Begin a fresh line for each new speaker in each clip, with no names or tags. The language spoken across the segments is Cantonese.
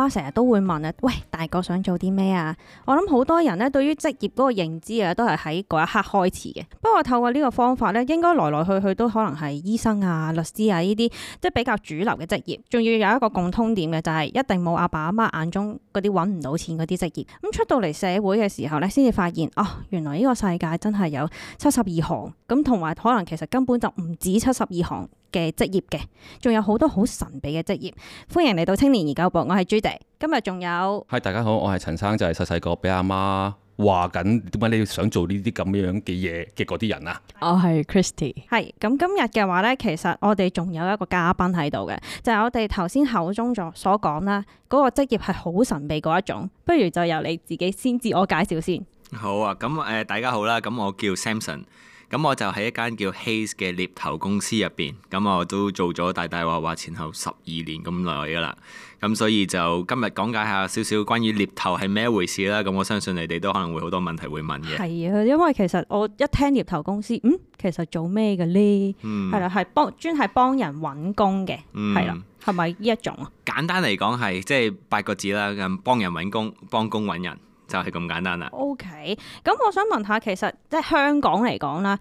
媽成日都會問啊，喂，大個想做啲咩啊？我諗好多人咧，對於職業嗰個認知啊，都係喺嗰一刻開始嘅。不過透過呢個方法咧，應該來來去去都可能係醫生啊、律師啊呢啲，即係比較主流嘅職業。仲要有一個共通點嘅，就係一定冇阿爸阿媽眼中嗰啲揾唔到錢嗰啲職業。咁出到嚟社會嘅時候咧，先至發現哦，原來呢個世界真係有七十二行，咁同埋可能其實根本就唔止七十二行，嘅職業嘅，仲有好多好神秘嘅職業，歡迎嚟到青年研究部，我係朱迪，今日仲有，係
大家好，我係陳生，就係細細個俾阿媽話緊，點解你想做呢啲咁樣嘅嘢嘅嗰啲人啊？
我係 Christy，係咁今日嘅話呢，其實我哋仲有一個嘉賓喺度嘅，就係我哋頭先口中所講啦，嗰個職業係好神秘嗰一種，不如就由你自己先自我介紹先。
好啊，咁誒、呃，大家好啦，咁我叫 Samson。咁我就喺一間叫 Hays 嘅獵頭公司入邊，咁我都做咗大大話話前後十二年咁耐噶啦，咁所以就今日講解下少少關於獵頭係咩回事啦。咁我相信你哋都可能會好多問題會問嘅。
係啊，因為其實我一聽獵頭公司，嗯，其實做咩嘅呢？嗯，係啦，係幫專係幫人揾工嘅，係啦，係咪呢一種？
簡單嚟講係即係八個字啦，咁幫人揾工，幫工揾人。就係咁簡單啦。
OK，咁我想問下，其實即係香港嚟講啦，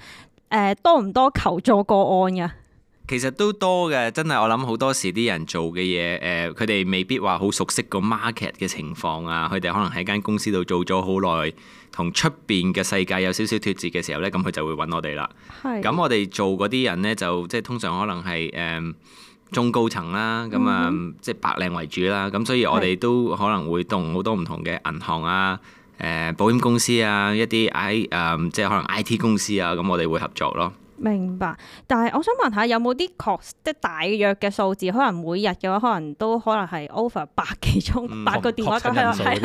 誒多唔多求助個案呀？
其實都多嘅，真係我諗好多時啲人做嘅嘢，誒佢哋未必話好熟悉個 market 嘅情況啊。佢哋可能喺間公司度做咗好耐，同出邊嘅世界有少少脫節嘅時候咧，咁佢就會揾我哋啦。係咁，我哋做嗰啲人咧，就即係通常可能係誒。中高層啦，咁、嗯、啊，即係白領為主啦，咁、嗯、所以我哋都可能會動好多唔同嘅銀行啊、誒、呃、保險公司啊、一啲 I 誒、呃、即係可能 I T 公司啊，咁我哋會合作咯。
明白，但係我想問下，有冇啲確即係大約嘅數字？可能每日嘅話，可能都可能係 over 百
幾通、嗯、百個電話咁係，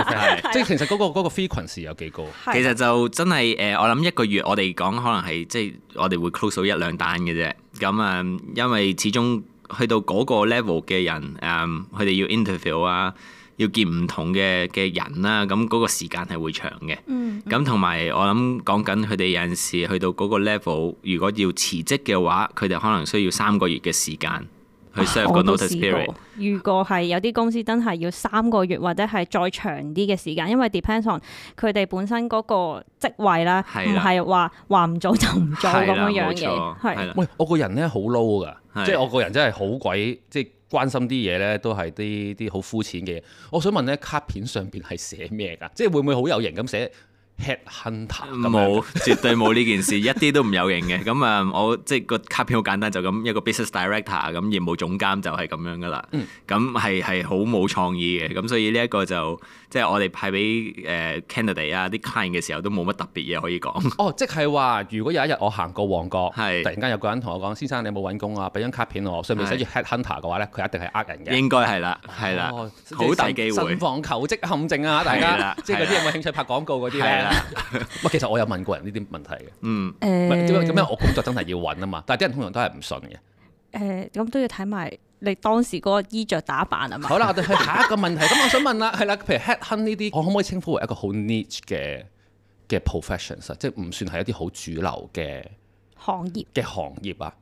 即係其實嗰個 frequency 有幾高？
其實就真係誒，我諗一個月我哋講可能係即係我哋會 close 到一兩單嘅啫。咁啊，因為始終。去到嗰個 level 嘅人，誒佢哋要 interview 啊，要見唔同嘅嘅人啦，咁嗰個時間係會長嘅。咁同埋我諗講緊佢哋有陣時去到嗰個 level，如果要辭職嘅話，佢哋可能需要三個月嘅時間。嗯啊、我都試
過，如果係有啲公司真係要三個月或者係再長啲嘅時間，因為 depends on 佢哋本身嗰個職位啦，唔係話話
唔做就唔做咁樣嘢。係。喂，我個人咧好 low 㗎，即係我個人真係好鬼，即係關心啲嘢咧都係啲啲好膚淺嘅嘢。我想問咧，卡片上邊係寫咩㗎？即係會唔會好有型咁寫？Headhunter 冇，絕對冇呢
件事，一啲都唔有型嘅。咁啊，我即係個卡片好簡單，就咁一個 business director 咁業務總監就係咁樣噶啦。咁係係好冇創意嘅。咁所以呢一個就即係我哋派俾誒 candidate 啊啲 client 嘅時候都冇乜特別嘢可以講。哦，即係話
如果有一日我行過旺角，係突然間有個人同我講：先生，你有冇揾工啊？俾張卡片我，上面寫住 headhunter 嘅話咧，佢一定係呃人嘅。應該係啦，係啦，好大機會。慎防求職陷阱啊！大家，即係嗰啲有冇興趣拍廣告嗰啲咧？ 其實我有問過人呢啲問題嘅。嗯，誒，點咁樣？我工作真係要揾啊嘛。嗯、但係啲人通常都係唔信嘅。
誒、嗯，咁都要睇埋你當時嗰個衣着打扮啊嘛。好啦，我哋去下一個問題。
咁 我想問啦、啊，係啦，譬如 headhunter 呢啲，我可唔可以稱呼為一個好 niche 嘅嘅 profession？即係唔算係一啲好主流嘅行業嘅行業啊？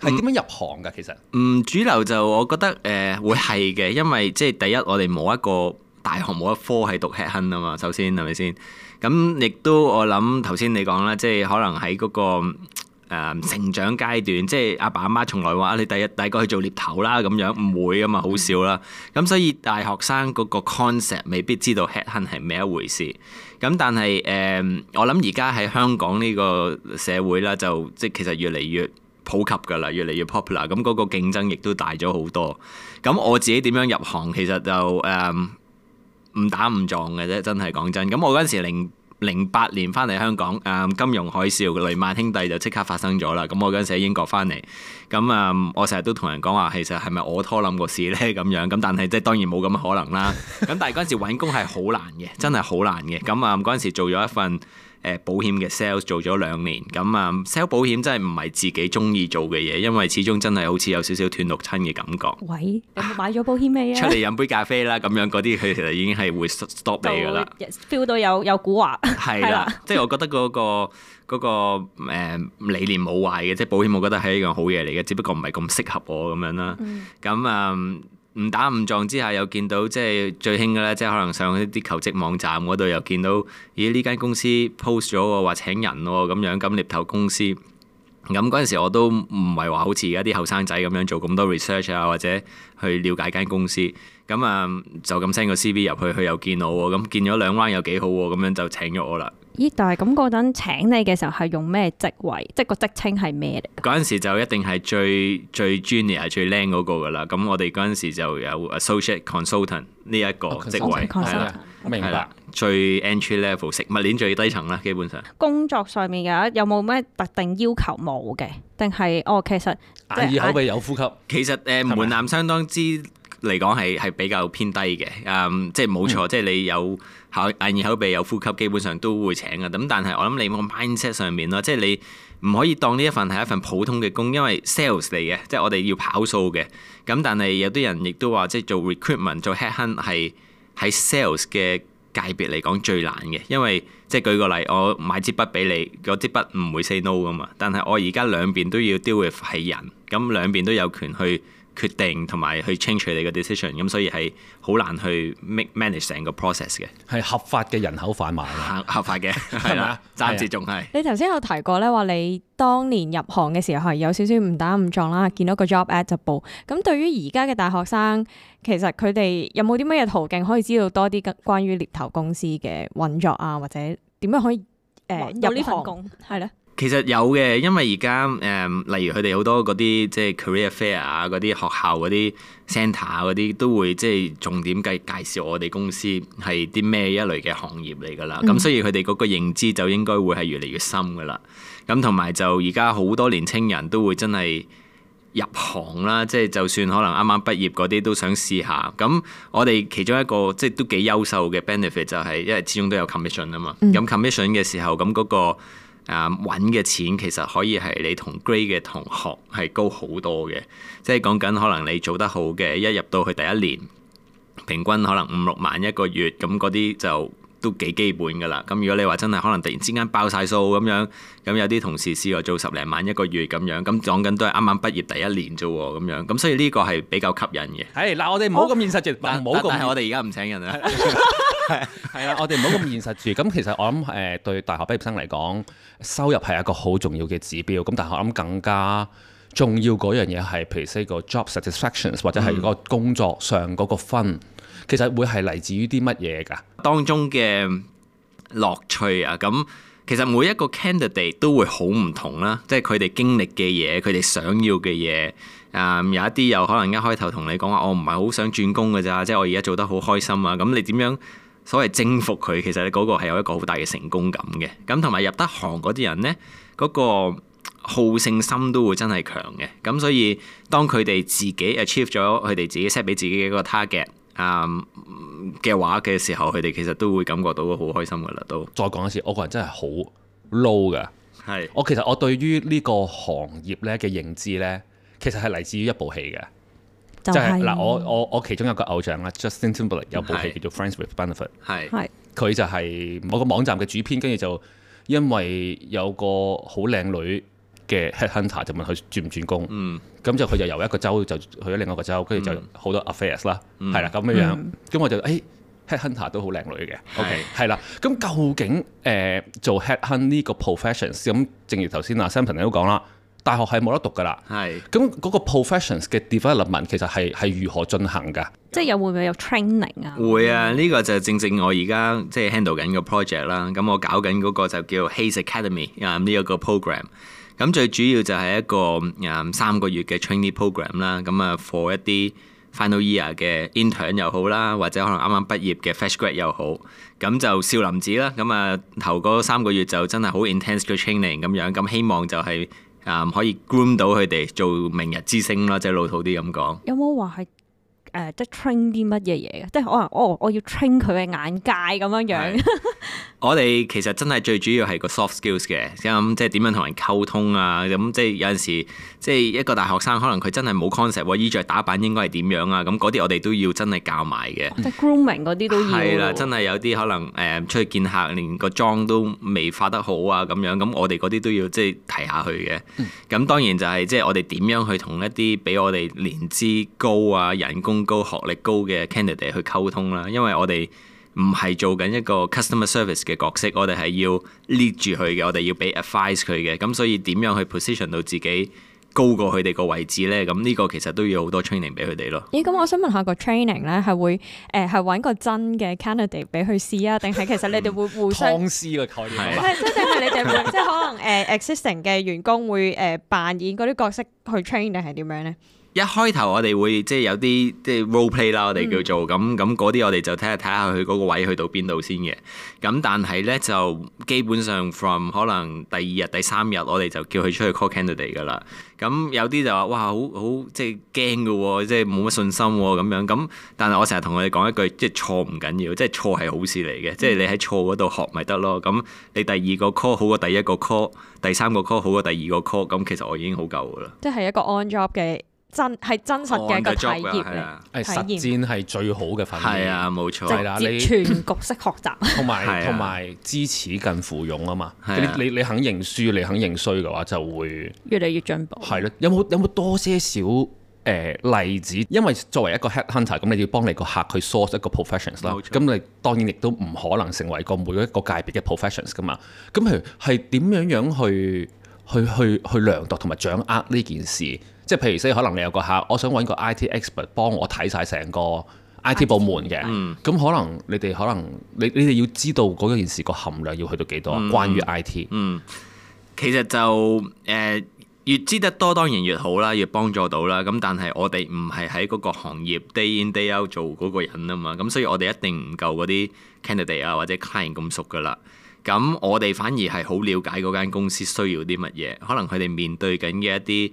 係點樣入行㗎？嗯、其實，
唔、嗯、主流就我覺得誒、呃、會係嘅，因為即係第一，我哋冇一個大學冇一，學一科係讀，讀 headhunter 啊嘛。首先係咪先？咁亦都我諗頭先你講啦，即係可能喺嗰、個、呃、成長階段，即係阿爸阿媽從來話、啊、你第一第一個去做獵頭啦咁樣，唔會啊嘛，好少啦。咁所以大學生嗰個 concept 未必知道 headhunt 係咩一回事。咁但係誒、呃，我諗而家喺香港呢個社會啦，就即係其實越嚟越普及㗎啦，越嚟越 popular。咁嗰個競爭亦都大咗好多。咁我自己點樣入行，其實就誒。呃誤打誤撞嘅啫，真係講真。咁我嗰陣時零零八年返嚟香港，誒、嗯、金融海嘯雷曼兄弟就即刻發生咗啦。咁我嗰陣時喺英國翻嚟，咁啊、嗯、我成日都同人講話，其實係咪我拖冧個事呢？咁樣？咁但係即係當然冇咁可能啦。咁 但係嗰陣時揾工係好難嘅，真係好難嘅。咁啊嗰陣時做咗一份。誒保險嘅 sales 做咗兩年咁啊，sell 保險真係唔係自己中意做嘅嘢，因為始終真係好似有少少斷六親嘅感覺。
喂，冇買咗保險未啊？出嚟
飲杯咖啡啦，咁樣嗰啲佢其實已經係會 stop 你噶啦
，feel 到有有古惑，係啦的，
即係我覺得嗰個嗰個嗰個呃，理念冇壞嘅，即係保險我覺得係一樣好嘢嚟嘅，只不過唔係咁適合我咁樣啦。咁啊、嗯、～誤打誤撞之下，又見到即係最興嘅呢，即係可能上一啲求職網站嗰度又見到，咦呢間公司 post 咗喎，話請人喎，咁樣咁獵頭公司，咁嗰陣時我都唔係話好似而家啲後生仔咁樣做咁多 research 啊，或者去了解間公司，咁啊就咁 send 個 CV 入去，佢又見我喎，咁見咗兩 round 又幾好喎，咁樣就請咗我啦。
咦？但係咁嗰陣請你嘅時候係用咩職位？即係個職稱係咩咧？嗰
陣時就一定係最最 junior 最靚嗰個㗎啦。咁我哋嗰陣時就有 associate consultant 呢一個職位係啦，A consultant, 對明白最 entry level 食物鏈最低層啦，基本上。
工作上面嘅有冇咩特定要求？冇嘅，定係哦？其實眼耳口
鼻有呼吸，啊、其實誒、呃、嗎門檻相當之。嚟講係係比較偏低嘅，誒即係冇錯，即係、嗯、你有口眼耳口鼻有呼吸，基本上都會請嘅。咁但係我諗你個 mindset 上面咯，即係你唔可以當呢一份係一份普通嘅工，因為 sales 嚟嘅，即係我哋要跑數嘅。咁但係有啲人亦都話，即係做 recruitment 做 headhunt 係喺 sales 嘅界別嚟講最難嘅，因為即係舉個例，我買支筆俾你，嗰支筆唔會 say no 噶嘛。但係我而家兩邊都要 deal 嘅係人，咁兩邊都有權去決定同埋去 change 佢哋嘅 decision，咁所以係好難去 make manage 成個 process 嘅。係合法嘅人口販賣 合法嘅，係咪啊？ 吧暫時仲係。
你頭先有提過咧，話你當年入行嘅時候係有少少誤打誤撞啦，見到個 job ad 就報。咁對於而家嘅大學生，其實佢哋有冇啲乜嘢途徑可以知道多啲嘅關於獵頭公司嘅運作啊，或者點樣可以有呢、呃、份工？係咧。
其實有嘅，因為而家誒，例如佢哋好多嗰啲即係 career fair 啊，嗰啲學校嗰啲 center 啊，嗰啲都會即係重點介介紹我哋公司係啲咩一類嘅行業嚟㗎啦。咁、嗯、所以佢哋嗰個認知就應該會係越嚟越深㗎啦。咁同埋就而家好多年青人都會真係入行啦，即係就算可能啱啱畢業嗰啲都想試下。咁我哋其中一個即係都幾優秀嘅 benefit 就係、是，因為始終都有 commission 啊嘛。咁 commission 嘅時候咁嗰、嗰個。嗯誒揾嘅錢其實可以係你同 grade 嘅同學係高好多嘅，即係講緊可能你做得好嘅，一入到去第一年平均可能五六萬一個月，咁嗰啲就都幾基本㗎啦，咁如果你話真係可能突然之間爆晒數咁樣，咁有啲同事試過做十零萬一個月咁樣，咁講緊都係啱啱畢業第一年啫喎，咁樣，咁所以呢個係比較吸引嘅。係，嗱我哋唔好咁現實住，唔好咁係我哋而家唔請人啊。
係啊， 我哋唔好咁現實住。咁其實我諗誒對大學畢業生嚟講，收入係一個好重要嘅指標。咁但係我諗更加重要嗰樣嘢係，譬如 say 個 job
satisfaction 或者係個工
作上嗰個分，其實會係嚟自於啲乜
嘢㗎？當中嘅樂趣啊，咁其實每一個 candidate 都會好唔同啦，即係佢哋經歷嘅嘢，佢哋想要嘅嘢，誒有一啲又可能一開頭同你講話，我唔係好想轉工㗎咋，即係我而家做得好開心啊，咁你點樣所謂征服佢，其實你嗰個係有一個好大嘅成功感嘅，咁同埋入得行嗰啲人呢，嗰、嗰個好勝心都會真係強嘅，咁所以當佢哋自己 achieve 咗佢哋自己 set 俾自己嘅一個 target。啊嘅、um, 話嘅時候，佢哋其實都會感覺到好開心噶啦。都再講一次，我個人真係好 low 噶。
係是我其實我對於呢個行業咧嘅認知咧，其實係嚟自於一部戲嘅，就係、是、嗱、就是、我我我其中有一個偶像啦，Justin Timberlake 有部戲叫做是《Friends with Benefit》係係佢是就係某個網站嘅主編，跟住就因為有個好靚女。嘅 headhunter 就問佢轉唔轉工，咁就佢就由一個州就去咗另一個州，跟住、嗯、就好多 affairs 啦、嗯，係啦咁樣樣。咁、嗯、我就誒、哎、headhunter 都好靚女嘅是，OK 係啦。咁、嗯、究竟誒、呃、做 headhunter 呢個 profession，咁正如頭先阿 Samson 都講啦，大學係冇得讀噶啦，係是。咁嗰個 profession 嘅
development 其實係係如何進行噶？
即係有會唔會有 training 啊？
會啊，呢、這個就正正我而家即係 handle 緊個 project 啦。咁我搞緊嗰個就叫 Hays Academy 啊，呢一個 program。咁最主要就係一個、嗯、三個月嘅 training program 啦，咁、嗯、啊 for 一啲 final year 嘅 intern 又好啦，或者可能啱啱畢業嘅 fresh grad 又好，咁、嗯、就少林寺啦，咁、嗯、啊頭嗰三個月就真係好 intense 嘅 training 咁樣，咁、嗯、希望就係、是、誒、嗯、可以 groom 到佢哋做明日之星啦，即、就、係、是、老土啲咁講。
有誒、呃、即係 train 啲乜嘢嘢，即係可能哦，我要 train 佢嘅眼界咁樣樣的。
我哋其實真係最主要係個 soft skills 嘅，嗯，即係點樣同人溝通啊？咁即係有陣時，即係一個大學生，可能佢真係冇 concept，衣着打扮應該係點樣啊？咁嗰啲我哋都要真係教埋嘅。嗯、即
係 grooming 嗰啲都要。係啦，真
係有啲可能誒、呃、出去見客，連個妝都未化得好啊咁樣，咁、嗯、我哋嗰啲都要即係提下去嘅。咁、嗯、當然就係即係我哋點樣去同一啲比我哋年資高啊、人工高學歷高嘅 candidate 去溝通啦，因為我哋唔係做緊一個 customer service 嘅角色，我哋係要 lead 住佢嘅，我哋要俾 advice 佢嘅，咁所以點樣去 position 到自己高過佢哋個位置咧？咁呢個其實都要好多 training 俾佢哋咯。
咦、欸？咁我想問下、那個 training 咧，係會誒係搵個真嘅 candidate 俾佢試啊，定係其實你哋會互相
試個、嗯、概念？係即係你哋會即
係可能誒、呃、existing 嘅員工會誒、呃、扮演嗰啲角色去 train 定係點樣咧？
一開頭我哋會即係有啲即係 role play 啦，我哋叫做咁咁嗰啲，嗯、咁咁我哋就睇下睇下佢嗰個位去到邊度先嘅。咁但係咧就基本上 from 可能第二日第三日，我哋就叫佢出去 call candidate 噶啦。咁有啲就話哇，好好即係驚噶，即係冇乜信心咁、哦、樣。咁但係我成日同佢哋講一句，即係錯唔緊要，即係錯係好事嚟嘅，嗯、即係你喺錯嗰度學咪得咯。咁你第二個 call 好過第一個 call，第三個 call 好過第二個 call，咁其實我已經好夠噶啦。
即係一個 on job 嘅。真係真實
嘅一個體驗，係實
戰係最好嘅訓練啊！冇錯，直接你全
局式學習，同埋同
埋知恥近乎勇啊嘛！你你肯認輸，你肯認衰嘅話就會越嚟越進步。係咯，有冇有冇多些少誒例子？因為作為一個 headhunter，咁你要幫你個客去 source 一個 profession 啦。咁你當然亦都唔可能成為個每一個界別嘅 professions 㗎嘛。咁譬如係點樣樣去去去去量度同埋掌握呢件事？即係譬如，可能你有個客，我想揾個 IT expert 幫我睇晒成個 IT 部門嘅。咁 IT, 可能你哋可能你你哋要知道嗰件事個含量要去到幾多，嗯、關於 IT 嗯。嗯，
其實就誒、呃、越知得多當然越好啦，越幫助到啦。咁但係我哋唔係喺嗰個行業 day in day out 做嗰個人啊嘛，咁所以我哋一定唔夠嗰啲 candidate 啊或者 client 咁熟噶啦。咁我哋反而係好了解嗰間公司需要啲乜嘢，可能佢哋面對緊嘅一啲。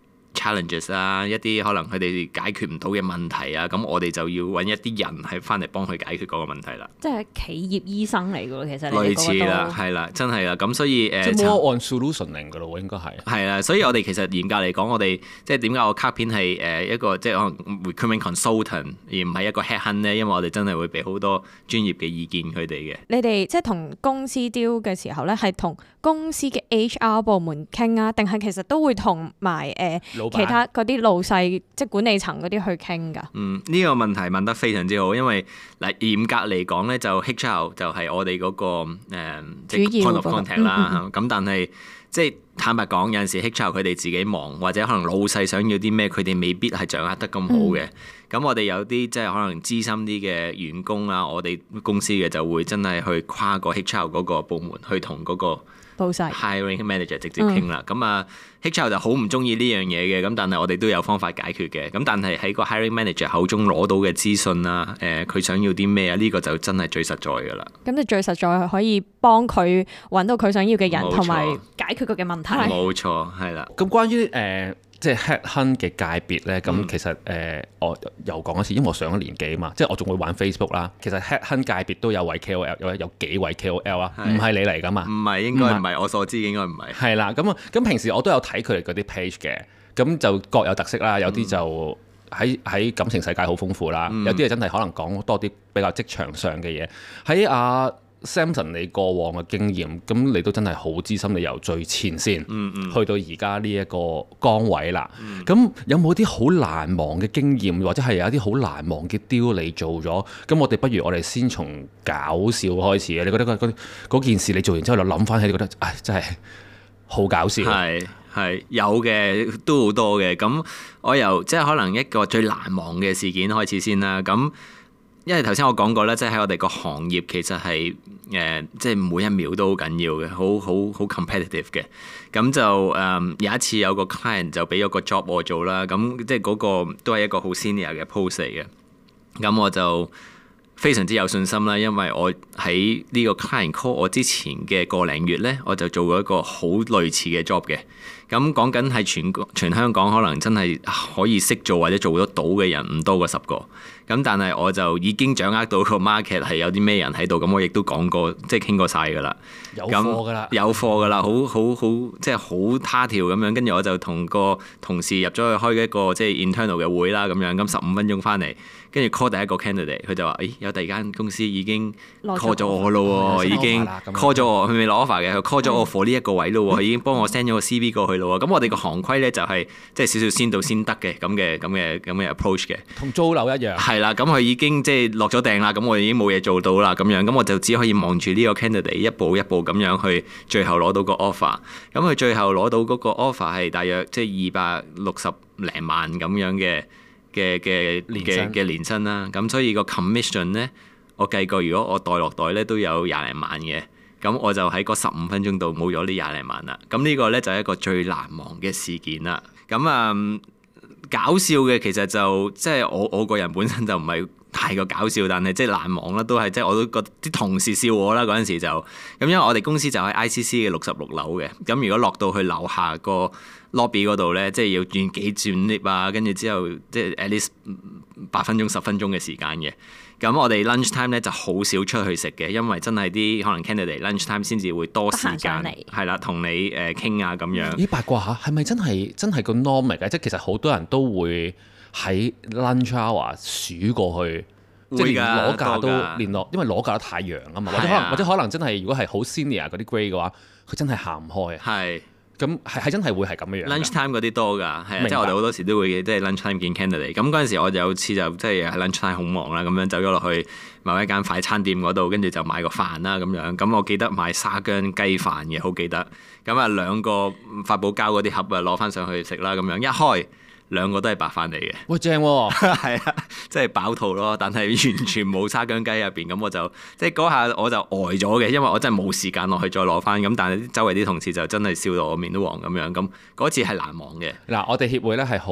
challenges 啊，一啲可能佢哋解決唔到嘅問題啊，咁我哋就要揾一啲人係翻嚟幫佢解決嗰個問題啦。
即係企業醫生嚟㗎喎，其實類似啦，
係啦，真係啦。咁所以誒 more on solutioning 㗎咯，應該係係啦。所以我哋其實嚴格嚟講，我哋即係點解我卡片係誒一個即係可能 recommend consultant 而唔係一個 headhunt 咧？因為我哋真係會俾好多專業嘅意見佢哋嘅。
你哋即係同公司 deal 嘅時候咧，係同公司嘅 HR 部門傾啊，定係其實都會同埋誒？呃其他嗰啲老細即係管理層嗰啲去傾㗎。嗯，呢、
呢個問題問得非常之好，因為嗱嚴格嚟講咧，就 HR 就係我哋嗰、嗰個誒即係 con，contact 啦。咁但係即係坦白講，有陣時 HR 佢哋自己忙，或者可能老細想要啲咩，佢哋未必係掌握得咁好嘅。咁、嗯、我哋有啲即係可能資深啲嘅員工啊，我哋公司嘅就會真係去跨過 HR 嗰個部門去同嗰、嗰個。Hiring Manager 直接傾啦。咁、嗯、啊，起初就好唔中意呢樣嘢嘅。咁但係我哋都有方法解決嘅。咁但係喺個 Hiring Manager 口中攞到嘅資訊啊，誒、呃，佢想要啲咩啊？呢、呢個就真係最實在嘅啦。
咁就最實在係可以幫佢揾到佢想要嘅人，同埋
錯解決佢嘅問
題。
冇錯，係啦。咁關於誒。呃即係 head hunt 嘅界別呢，咁其實誒、呃，我又講一次，因為我上咗年紀啊嘛，即係我仲會玩 Facebook 啦。其實 head hunt 界別都有位 K O L，有有幾位 K O L 啊，唔係是你嚟噶嘛？唔係，應該唔係，嗎我所知應該唔係。係啦，咁咁平時我都有睇佢哋嗰啲 page 嘅，咁就各有特色啦。有啲就喺喺、嗯、感情世界好豐富啦，嗯、有啲係真係可能講多啲比較職場上嘅嘢。喺阿、啊。Samson，你過往嘅經驗，咁你都真係好資深，你由最前線去、嗯嗯、到而家呢一個崗位啦。咁、嗯、有冇啲好難忘嘅經驗，或者係有一啲好難忘嘅 deal 你做咗？咁我哋不如我哋先從搞笑開始啊！你覺得嗰件事你做完之後，就諗翻起你覺得唉，真係
好搞笑。係係有嘅，都好多嘅。咁我由即係可能一個最難忘嘅事件開始先啦。咁。因為頭先我講過咧，即係喺我哋個行業其實係誒，即、呃、係、就是、每一秒都好緊要嘅，好好好 competitive 嘅。咁就誒、呃、有一次有一個 client 就俾咗個 job 我做啦，咁即係嗰個都係一個好 senior 嘅 post 嚟嘅。咁我就非常之有信心啦，因為我喺呢個 client call 我之前嘅個零月呢，我就做過一個好類似嘅 job 嘅。咁講緊係全全香港，可能真係可以識做或者做得到嘅人唔多過十個。咁但係我就已經掌握到個 market 係有啲咩人喺度，咁我亦都講過，即係傾過晒㗎啦。有貨㗎啦，那有貨㗎啦，好好好，即係好他條咁樣。跟住我就同個同事入咗去開一個即係、就是、internal 嘅會啦，咁樣咁十五分鐘翻嚟。跟住 call 第一個 candidate，佢就話，誒，有第二間公司已經 call 咗我咯，嗯、已經 call 咗我，佢未攞 offer 嘅，佢 call 咗、嗯、我 for 呢一、嗯、個位咯，佢已經幫我 send 咗個 CV、嗯、過去咯。咁我哋個行規呢、就係，就係，即係少少先到先得嘅咁嘅咁嘅咁嘅 approach 嘅。
同租樓一樣。
係啦，咁佢已經即係落咗訂啦，咁我已經冇嘢做到啦，咁樣，咁我就只可以望住呢個 candidate 一步一步咁樣去，最後攞到個 offer。咁佢最後攞到嗰個 offer 係大約即係二百六十零萬咁樣嘅。嘅嘅嘅嘅年薪生啦，咁所以個 commission 呢，我計過如果我袋落袋呢都有廿零萬嘅，咁我就喺嗰十五分鐘度冇咗呢廿零萬啦。咁呢個呢就係、是、一個最難忘嘅事件啦。咁啊、嗯、搞笑嘅其實就即係我我個人本身就唔係太過搞笑，但係即係難忘啦，都係即係我都覺得啲同事笑我啦嗰陣時就，咁因為我哋公司就喺 ICC 嘅六十六樓嘅，咁如果落到去樓下個 lobby 嗰度咧，即係要轉幾轉 lift 啊，跟住之後即係 at least 八分鐘、十分鐘嘅時間嘅。咁我哋 lunch time 咧就好少出去食嘅，因為真係啲可能 candidate lunch time 先至會多時間，係啦，同你誒傾啊咁樣。咦、
欸？八卦下，係咪真係真係個 norm 嚟嘅？即係其實好多人都會喺 lunch hour 數過去，的即係攞架都的連攞，因為攞架得太陽啊嘛的或者可能。或者可能真係如果係好 senior 嗰啲 grade 嘅話，佢真係行唔
開啊的。咁係係真係會係咁樣樣。Lunch time 嗰啲多㗎，係啊白，即係、就是、我哋好多時都會即係 lunch time 見 candidate。咁嗰陣時我就有次就即係喺 lunch time 好忙啦，咁樣走咗落去某一間快餐店嗰度，跟住就買個飯啦咁樣。咁我記得買沙薑雞飯嘅，好記得。咁啊兩個發泡膠嗰啲盒啊攞翻上去食啦，咁樣一開，兩個都係白返嚟嘅，哇、哦、正喎、哦，係 對啊，即係飽肚咯，但係完全冇沙薑雞入邊咁，我就即係嗰下我就呆咗嘅，因為我真係冇時間落去再攞返，咁但係周圍啲同事就真係笑到我面都黃咁樣，咁、那、嗰、個、次係難忘嘅。嗱、欸，我哋協會咧係好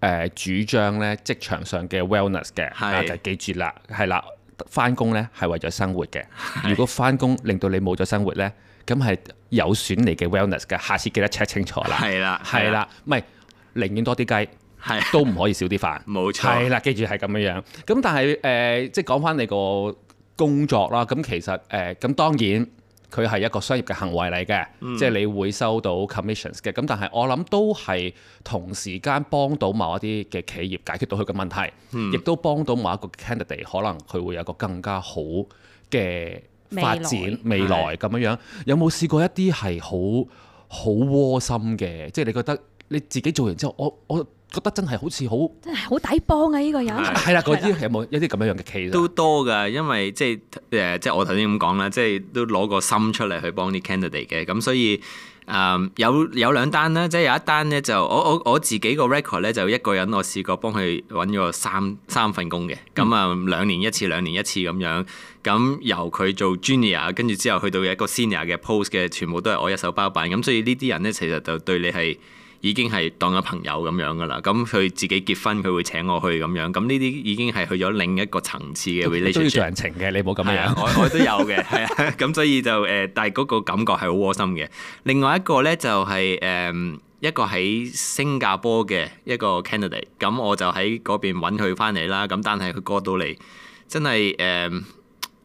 誒
主張咧職場上嘅 wellness 嘅，係就是記住啦，係啦，返工咧係為咗生活嘅，是如果返工令到你冇咗生活咧，咁係有損你嘅 wellness 嘅，下次記得 check 清楚啦，
係啦，係啦，
唔係。寧願多啲雞，係都唔可以少啲飯，冇 錯。係啦，記住係咁樣樣。咁但係誒、呃，即係講翻你個工作啦。咁其實誒，咁、呃、當然佢係一個商業嘅行為嚟嘅，即係、嗯、你會收到 commissions 嘅。咁但係我諗都係同時間幫到某一啲嘅企業解決到佢嘅問題，亦、嗯、都幫到某一個 candidate 可能佢會有一個更加好嘅發展未來咁樣樣。是有冇試過一啲係好好窩心嘅？即係你覺得？你自己做完之後，我我覺得真係好似好
真係好抵幫啊！呢、這個人係啦，嗰啲
有冇有啲咁樣樣嘅 case？
都多㗎，因為即係誒，即係我頭先咁講啦，即係都攞個心出嚟去幫啲 candidate 嘅，咁所以誒、呃、有有兩單啦，即係有一單呢，就我我我自己個 record 呢，就一個人，我試過幫佢揾咗三三份工嘅，咁啊兩年一次，兩年一次咁樣，咁由佢做 junior，跟住之後去到一個 senior 嘅 post 嘅，全部都係我一手包辦，咁所以呢啲人呢，其實就對你係。已經係當咗朋友咁樣噶啦，咁佢自己結婚佢會請我去咁樣，咁呢啲已經係去咗另一個層次嘅 relationship。都要做人情嘅，你冇咁嘅。我我都有嘅，係啊，咁所以就誒，但係嗰個感覺係好窩心嘅。另外一個呢，就係、是、誒一個喺新加坡嘅一個 candidate，咁我就喺嗰邊揾佢翻嚟啦。咁但係佢過到嚟真係誒，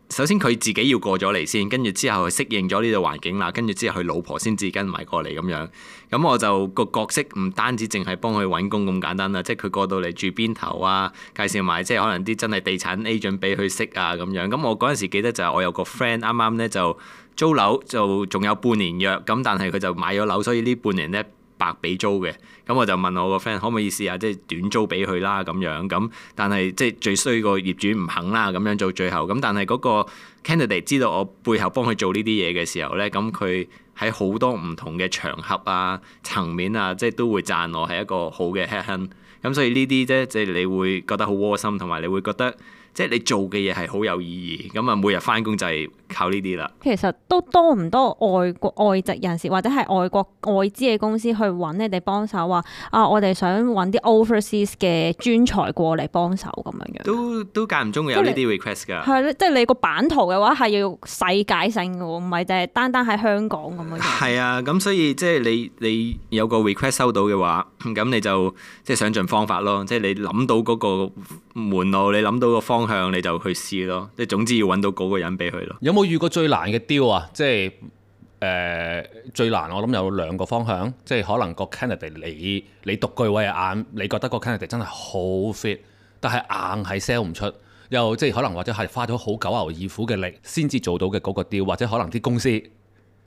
首先佢自己要過咗嚟先，跟住之後適應咗呢個環境啦，跟住之後佢老婆先至跟埋過嚟咁樣。咁我就、個角色唔單止淨係幫佢揾工咁簡單啦、啊，即係佢過到嚟住邊頭啊，介紹埋即係可能啲真係地產 agent 俾佢識啊咁樣。咁我嗰陣時記得就係我有個 friend 啱啱呢就租樓就仲有半年約，咁但係佢就買咗樓，所以呢半年呢白俾租嘅。咁我就問我個 friend 可唔可以試下、啊、即係短租俾佢啦咁樣。咁但係即係最衰個業主唔肯啦，咁樣做最後。咁但係嗰個 candidate 知道我背後幫佢做呢啲嘢嘅時候呢，咁佢。喺好多唔同嘅場合啊、層面啊，即係都會讚我係一個好嘅 head hunt，咁所以呢啲即係你會覺得好窩心，同埋你會覺得即係你做嘅嘢係好有意義，咁啊每日翻工就係、是。靠呢啲啦，
其實都，多唔多外國外籍人士或者係外國外資嘅公司去揾你哋幫手，話啊，我哋想揾啲 overseas 嘅專才過嚟幫手咁樣樣？
都都間唔中會有呢啲 request 㗎。係，
即係你個版圖嘅話係要世界性㗎喎，唔係淨係單單喺香港咁樣。
係啊、嗯，咁所以即係你你有個 request 收到嘅話，咁你就即係想盡方法咯，即係你諗到嗰個門路，你諗到個方向，你就去試咯。即係總之要揾到嗰個人俾佢咯。有冇？我遇過最難嘅 deal 啊，即係誒、呃、最難，
我諗有兩個方向，即係可能個 candidate 你你讀句位眼，你覺得個 candidate 真係好 fit，但係硬係 sell 唔出，又即係可能或者係花咗好九牛二虎嘅力先至做到嘅嗰個 deal 或者可能啲公司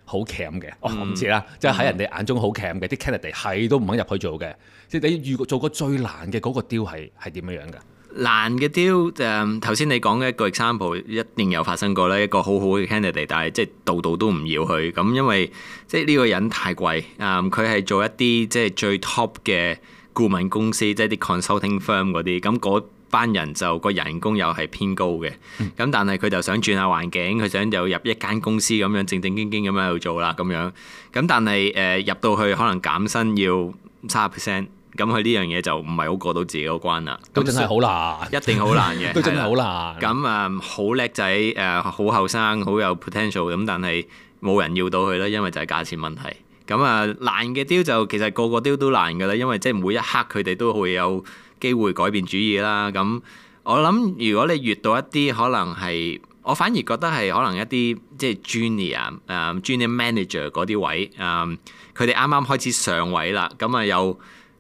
好 cam 嘅，我唔知啦，即係喺人哋眼中好 cam 嘅啲 candidate 係都唔肯入去做嘅，即係你遇過做過最難嘅嗰個 deal 係係點樣樣㗎？
難嘅 deal 就誒頭先你講嘅一個 example 一定有發生過啦。一個好好嘅 candidate，但係即係度度都唔要去，咁、嗯、因為即係呢、呢個人太貴，誒佢係做一啲即係最 top 嘅顧問公司，即係啲 consulting firm 嗰啲，咁、嗯、嗰班人就個人工又係偏高嘅，咁、嗯嗯、但係佢就想轉下環境，佢想就入一間公司咁樣正正經經咁樣喺度做啦，咁樣，咁、嗯、但係誒、呃、入到去可能減薪要三十 percent。咁佢呢樣嘢就唔係好過到自己嗰關啦。咁真係好難，一定好難嘅。都真係好難。咁啊，好叻仔誒，好後生，好有 potential 咁，但係冇人要到佢啦，因為就係價錢問題。咁啊，難嘅雕就其實個個雕都難㗎啦，因為即係每一刻佢哋都會有機會改變主意啦。咁我諗，如果你遇到一啲可能係我反而覺得係可能一啲即係 junior 誒、junior manager 嗰啲位誒，佢哋啱啱開始上位啦，咁啊又。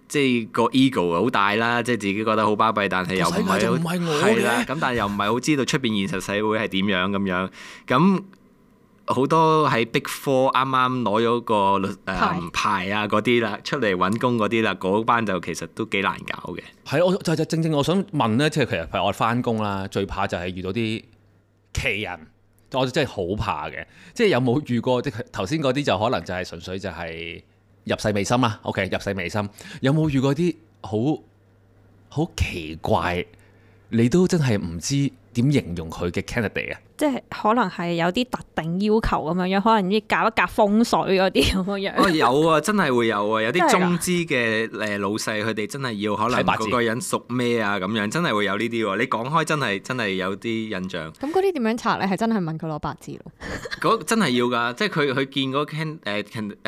即係個 ego 好大啦，即係自己覺得好巴閉，但係又唔係，係啦。咁但係又唔係好知道出邊現實社會係點樣咁樣。咁好多喺 Big Four 啱啱攞咗個律、呃、牌啊嗰啲啦，出嚟揾工嗰啲啦，嗰班就其實都幾難搞嘅。
係，我就就，就正正我想問咧，即係其實譬如我翻工啦，最怕就係遇到啲奇人，我真係好怕嘅。即係有冇遇過啲頭先嗰啲就可能就係純粹就係、是。入世未深啊。OK, 入世未深，有冇遇過啲好好奇怪，你都真係唔知點形容佢嘅 candidate 啊？
即係可能係有啲特定要求咁樣樣，可能要夾一夾風水嗰啲咁
樣。哦，有
啊，真係會有啊，有啲中資嘅誒老細，佢哋真係要可能嗰個人屬咩啊咁樣，啊，真係會有呢啲喎。你講開真係真係有啲印象。
咁嗰啲點樣測咧？係真係問佢攞八字咯？
嗰 真係要㗎，即係佢佢見嗰 can 誒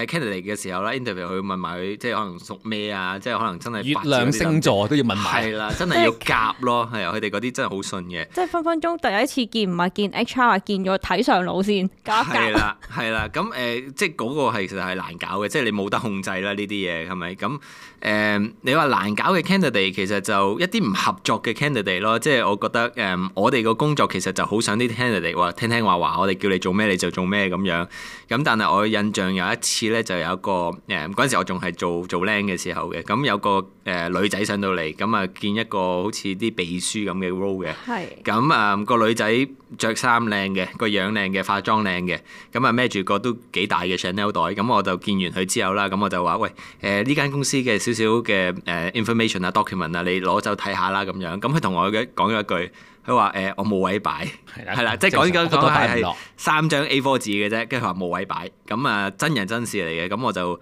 candidate 嘅時候咧，interview 佢問埋佢，即係可能屬咩啊？即係可能真係月亮星座都要問埋。係 啦，真係要夾咯，係啊， 佢哋嗰啲真係好信嘅。
即係分分鐘第一次見唔係見。HR 見咗睇上腦先，係啦
係啦，咁誒、呃、即係嗰個係其實係難搞嘅，即係你冇得控制啦，呢啲嘢係咪？咁誒、呃、你話難搞嘅 candidate 其實就一啲唔合作嘅 candidate 咯，即係我覺得誒、呃、我哋個工作其實就好想啲 candidate 話聽聽話話，我哋叫你做咩你就做咩咁樣，咁但係我印象有一次咧，就有一個誒嗰陣時我仲係做做 ling 嘅時候嘅，咁有個誒、呃、女仔上到嚟，咁啊見一個好似啲秘書咁嘅 role 嘅，係咁啊個女仔着衫靚嘅，個樣靚嘅，化妝靚嘅，咁啊孭住個都幾大嘅 Chanel 袋，咁、嗯、我就見完佢之後啦，咁、嗯、我就話：喂，誒呢間公司嘅少少嘅誒、呃、information 啊，document 啊，你攞走睇下啦，咁樣。咁佢同我嘅講咗一句，佢話：誒、呃、我冇位擺，係啦、嗯，係啦對，即係講緊講係三張 A4 紙嘅啫，跟住佢話冇位擺。咁、嗯、啊真人真事嚟嘅，咁、嗯、我就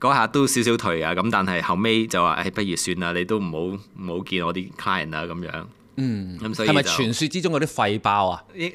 嗰下都少少頹啊。咁、嗯、但係後尾就話：誒、哎、不如算啦，你都唔好唔好見我啲 client 啊，咁樣。嗯，係咪傳説之中嗰啲肺包啊？即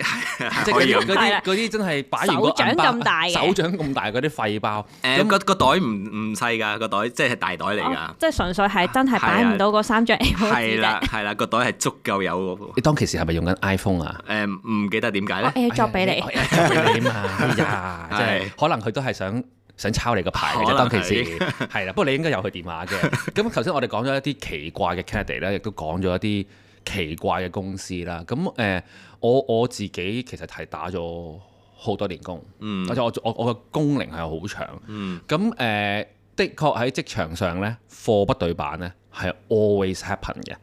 係嗰啲嗰啲真係擺唔到手掌咁大，手掌咁大嗰啲肺包。咁個袋唔唔細㗎，個袋即係大袋嚟㗎。
即係純粹係真係擺唔到嗰三張
A。
係啦係啦，個袋係足夠有。你當其時係咪用緊 iPhone 啊？誒唔記得點
解咧？作俾你，作俾你即係可能佢都係想想抄你個牌。可能係。係啦，不過你應該有佢電話嘅。咁頭先我哋講咗一啲奇怪嘅 candy 咧，亦都講咗一啲，奇怪嘅公司啦，咁誒、呃、我我自己其實係打咗好多年工，嗯，或者我我我嘅工齡係好長，嗯，咁、呃、誒的確喺職場上咧，貨不對板咧，係 always happen 嘅。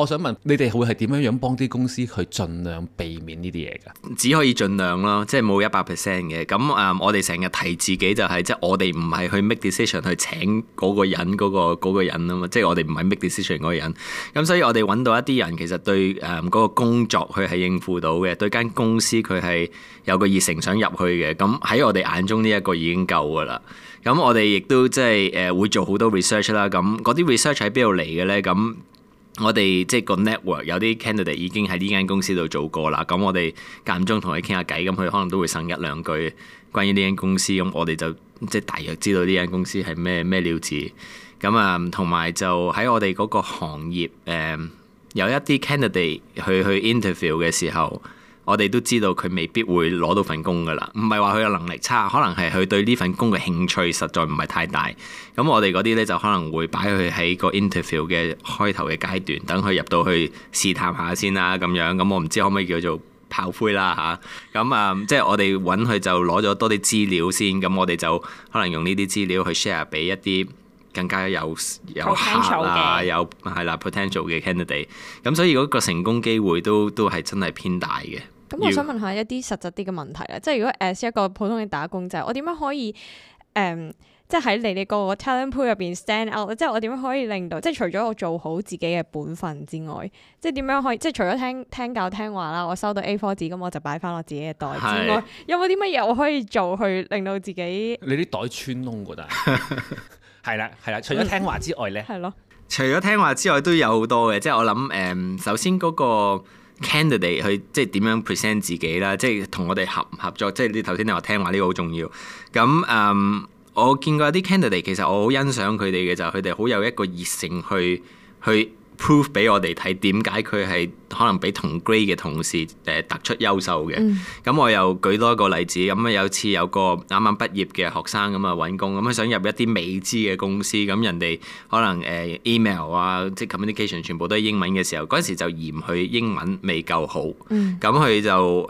我想問你哋會係點樣樣幫啲公司去盡量
避免呢啲嘢㗎？只可以盡量啦，即係冇一百 percent 嘅。咁誒、嗯，我哋成日提自己就係、是、即係我哋唔係去 make decision 去請嗰個人嗰個人啊嘛，即係我哋唔係 make decision 嗰個人。咁、那個那個、所以我哋揾到一啲人，其實對誒嗰、嗯那個工作佢係應付到嘅，對間公司佢係有個熱誠想入去嘅。咁喺我哋眼中呢一個已經夠㗎啦。咁我哋亦都即係誒會做好多 research 啦。咁嗰啲 research 喺邊度嚟嘅咧？咁我哋即係個 network 有啲 candidate 已經喺呢間公司度做過啦，咁、嗯、我哋間中同佢傾下偈，咁、嗯、佢可能都會呻一兩句關於呢間公司，咁、嗯、我哋就即係大約知道呢間公司係咩咩料子。咁啊，同、嗯、埋就喺我哋嗰個行業誒、嗯、有一啲 candidate 去去 interview 嘅時候。我哋都知道佢未必會攞到份工㗎啦，唔係話佢有能力差，可能係佢對呢份工嘅興趣實在唔係太大。咁我哋嗰啲呢，就可能會擺佢喺個 interview 嘅開頭嘅階段，等佢入到去試探下先啦。咁樣咁、嗯、我唔知可唔可以叫做炮灰啦嚇。咁啊，嗯、即係我哋揾佢就攞咗多啲資料先，咁、嗯、我哋就可能用呢啲資料去 share 俾一啲更加有有效、啊、啦，有係啦 potential 嘅 candidate。咁所以嗰個成功機會都都係真係偏大嘅。咁我想
問一下一啲實際啲嘅問題啦，要即係如果誒一個普通嘅打工仔，我點樣可以誒、呃，即係喺你哋個 talent pool 入邊 stand out？即係我點樣可以令到，即係除咗我做好自己嘅本分之外，即係點樣可以，即係除咗聽聽教聽話啦，我收到 A four 紙咁我就擺翻我自己嘅袋之外，的有冇啲乜嘢我可以做去令到自己？
你啲袋穿窿㗎？係啦，
係啦，除咗聽話
之外咧，係咯的，
除咗聽話之外都有好多嘅，即係我諗誒，首先嗰、那個。candidate 去即係點樣 present 自己啦，即係同我哋合唔合作，即係你頭先你話聽話呢個好重要。咁誒，um, 我見過一啲 candidate，其實我好欣賞佢哋嘅，就係佢哋好有一個熱誠去去。Prove 俾我哋睇點解佢係可能比同 grade 嘅同事誒突出優秀嘅。咁、嗯、我又舉多一個例子。咁啊有次有個啱啱畢業嘅學生咁啊揾工，咁啊想入一啲未知嘅公司。咁人哋可能誒 email 啊，即係 communication 全部都係英文嘅時候，嗰陣時就嫌佢英文未夠好。咁佢、嗯、就誒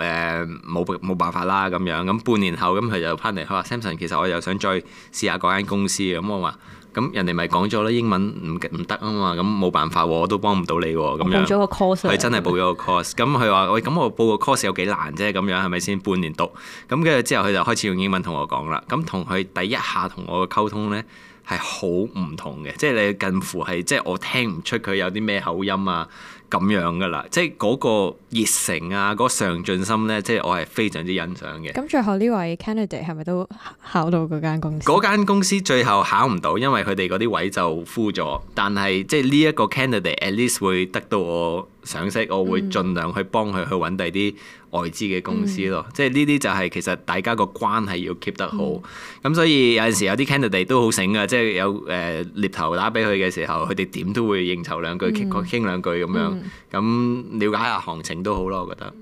冇冇辦法啦咁樣。咁半年後咁佢就翻嚟，佢話 Samson 其實我又想再試下嗰間公司嘅。咁我話。咁人哋咪講咗咧，英文唔唔得啊嘛，咁冇辦法喎、啊，我都幫唔到你喎、啊，咁樣。用咗個 course。佢真係報咗個 course，咁佢話：喂，咁我報個 course 有幾難啫、啊？咁樣係咪先半年讀？咁跟住之後，佢就開始用英文同我講啦。咁同佢第一下同我嘅溝通呢係好唔同嘅，即係你近乎係即係我聽唔出佢有啲咩口音啊。咁樣噶啦，即係嗰個熱誠啊，嗰個上進心呢，即係我係非常之欣賞嘅。咁
最後呢位 candidate 係咪都考到嗰間公司？嗰間
公司最後考唔到，因為佢哋嗰啲位就枯咗。但係即係呢一個 candidate at least 會得到我賞識，我會盡量去幫佢去揾第啲。外資嘅公司咯，嗯、即係呢啲就係其實大家個關係要 keep 得好，咁、嗯、所以有陣時有啲 candidate 都好醒噶，即係有誒、呃、獵頭打俾佢嘅時候，佢哋點都會應酬兩句，傾傾、嗯、兩句咁樣，咁、嗯、了解下行情都好咯，我覺得。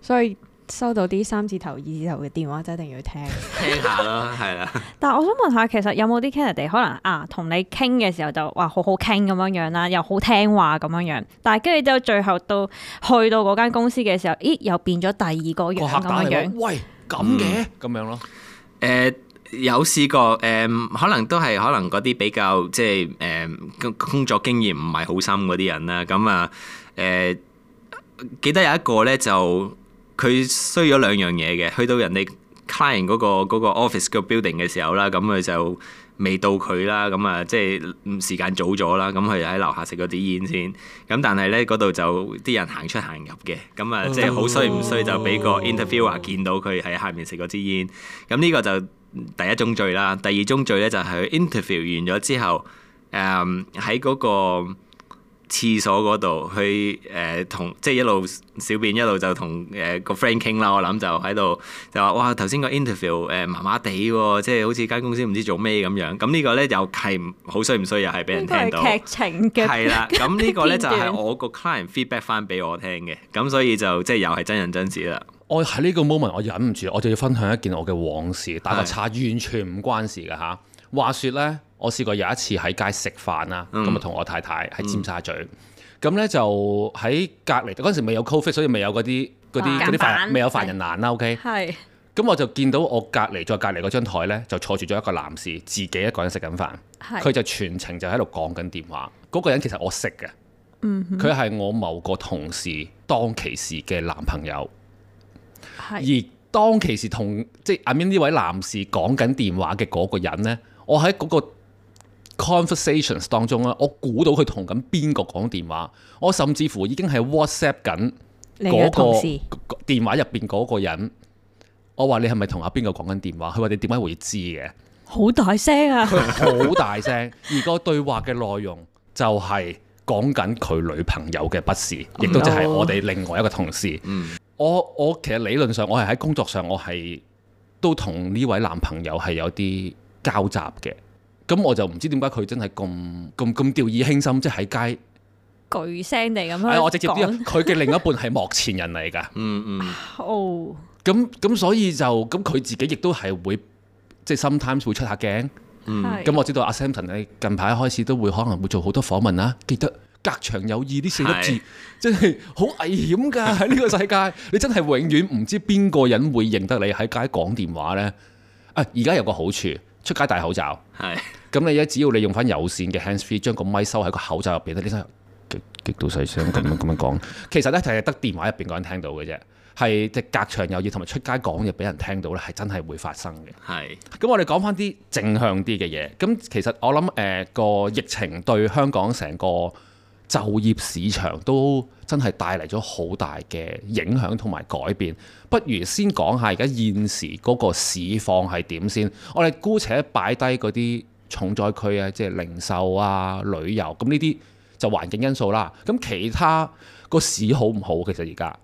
所以。收到
啲三字頭、二字頭嘅電話就一定要聽
聽下咯，係啦。
但係我想問下，其實有冇啲 candidate 可能啊，同你傾嘅時候就話好好傾咁樣樣啦，又好聽話咁樣樣，但係跟住到最後到去到嗰間公司嘅時候，咦又變咗第二個樣咁
樣樣？喂，咁嘅咁樣咯。誒、呃、有試過誒、呃，可能都係可能嗰啲比較即係誒、呃、工作經驗唔係好深嗰啲人啦。咁啊誒，記得有一個咧就。呃呃呃佢衰咗兩樣嘢嘅，去到人哋 client 嗰個嗰個 office 個 building 嘅時候啦，咁佢就未到佢啦，咁啊即係時間早咗啦，咁佢就喺樓下食嗰支煙先。咁但係咧嗰度就啲人行出行入嘅，咁啊即係好衰唔衰就俾個 interviewer 見到佢喺下面食嗰支煙。咁呢個就第一宗罪啦。第二宗罪咧就係佢 interview 完咗之後，誒喺嗰個廁所嗰度去誒同、呃、即係一路小便一路就同誒、呃、個 friend 傾啦，我諗就喺度就話哇頭先個 interview 誒、呃、麻麻地喎，即係好似間公司唔知做咩咁樣。咁呢個咧又係好衰唔衰又係俾人聽到劇
情嘅係啦。咁呢個咧就係
我個 client feedback 翻俾我聽嘅。咁所以就即係又係真人真事啦。
我喺呢個 moment 我忍唔住，我就要分享一件我嘅往事，打個叉完全唔關事㗎吓。話說咧。我試過有一次喺街食飯啦，咁、嗯、就同我太太喺尖沙咀，咁呢、嗯，就喺隔離嗰陣時未有 COVID，所以未有嗰啲嗰啲嗰啲犯人未有犯人欄啦。OK，咁我就見到我隔離再隔離嗰張台呢，就坐住咗一個男士，自己一個人食緊飯，佢是就全程就喺度講緊電話。嗰、那個人其實我識嘅，
佢係、
嗯、哼我某個同事當其時嘅男朋友。而當其時同即係阿 Min 呢位男士講緊電話嘅嗰個人呢，我喺嗰、那個。conversations 當中啊，我估到佢同緊邊個講電話，我甚至乎已經係 WhatsApp 緊嗰個電話入邊個人。個我話你係咪同阿邊個講緊電話，佢話你點解會知嘅？
好大聲啊！好 大
聲。而個對話嘅內容就係講緊佢女朋友嘅不是，亦都即係我哋另外一個同事。嗯、我我其實理論上我係喺工作上我係都同呢位男朋友係有啲交集嘅。咁我就唔知點解佢真係咁咁咁掉以輕心，即係喺街
巨聲嚟咁樣，哎。我直接啲，
佢嘅 另一半係幕前人嚟噶、， 嗯。
嗯嗯。
咁咁所以就咁佢自己亦都係會，即係 sometimes 會出下鏡。嗯。咁、嗯嗯、我知道阿 Samson 你近排開始都會可能會做好多訪問啦，啊。記得隔牆有耳呢四粒字， 真係好危險㗎喺呢個世界。 你真係永遠唔知邊個人會認得你喺街講電話呢。啊，哎！而家有個好處。出街戴口罩，係咁 你咧，只要你用翻有線嘅 handsfree，將個咪收喺個口罩入邊咧，啲聲極極度細聲，咁樣咁樣講。 其實咧，就實係得電話入邊個人聽到嘅啫，係即隔牆有耳，同埋出街講嘢俾人聽到咧，係真係會發生嘅。係，咁我哋講翻啲正向啲嘅嘢。咁其實我諗誒個疫情對香港成個就業市場都真係帶嚟咗好大嘅影響同埋改變，不如先講下而家現時嗰個市況係點先。我哋姑且擺低嗰啲重災區啊，即係零售啊、旅遊咁呢啲就環境因素啦。咁其他個市好唔好？其實而家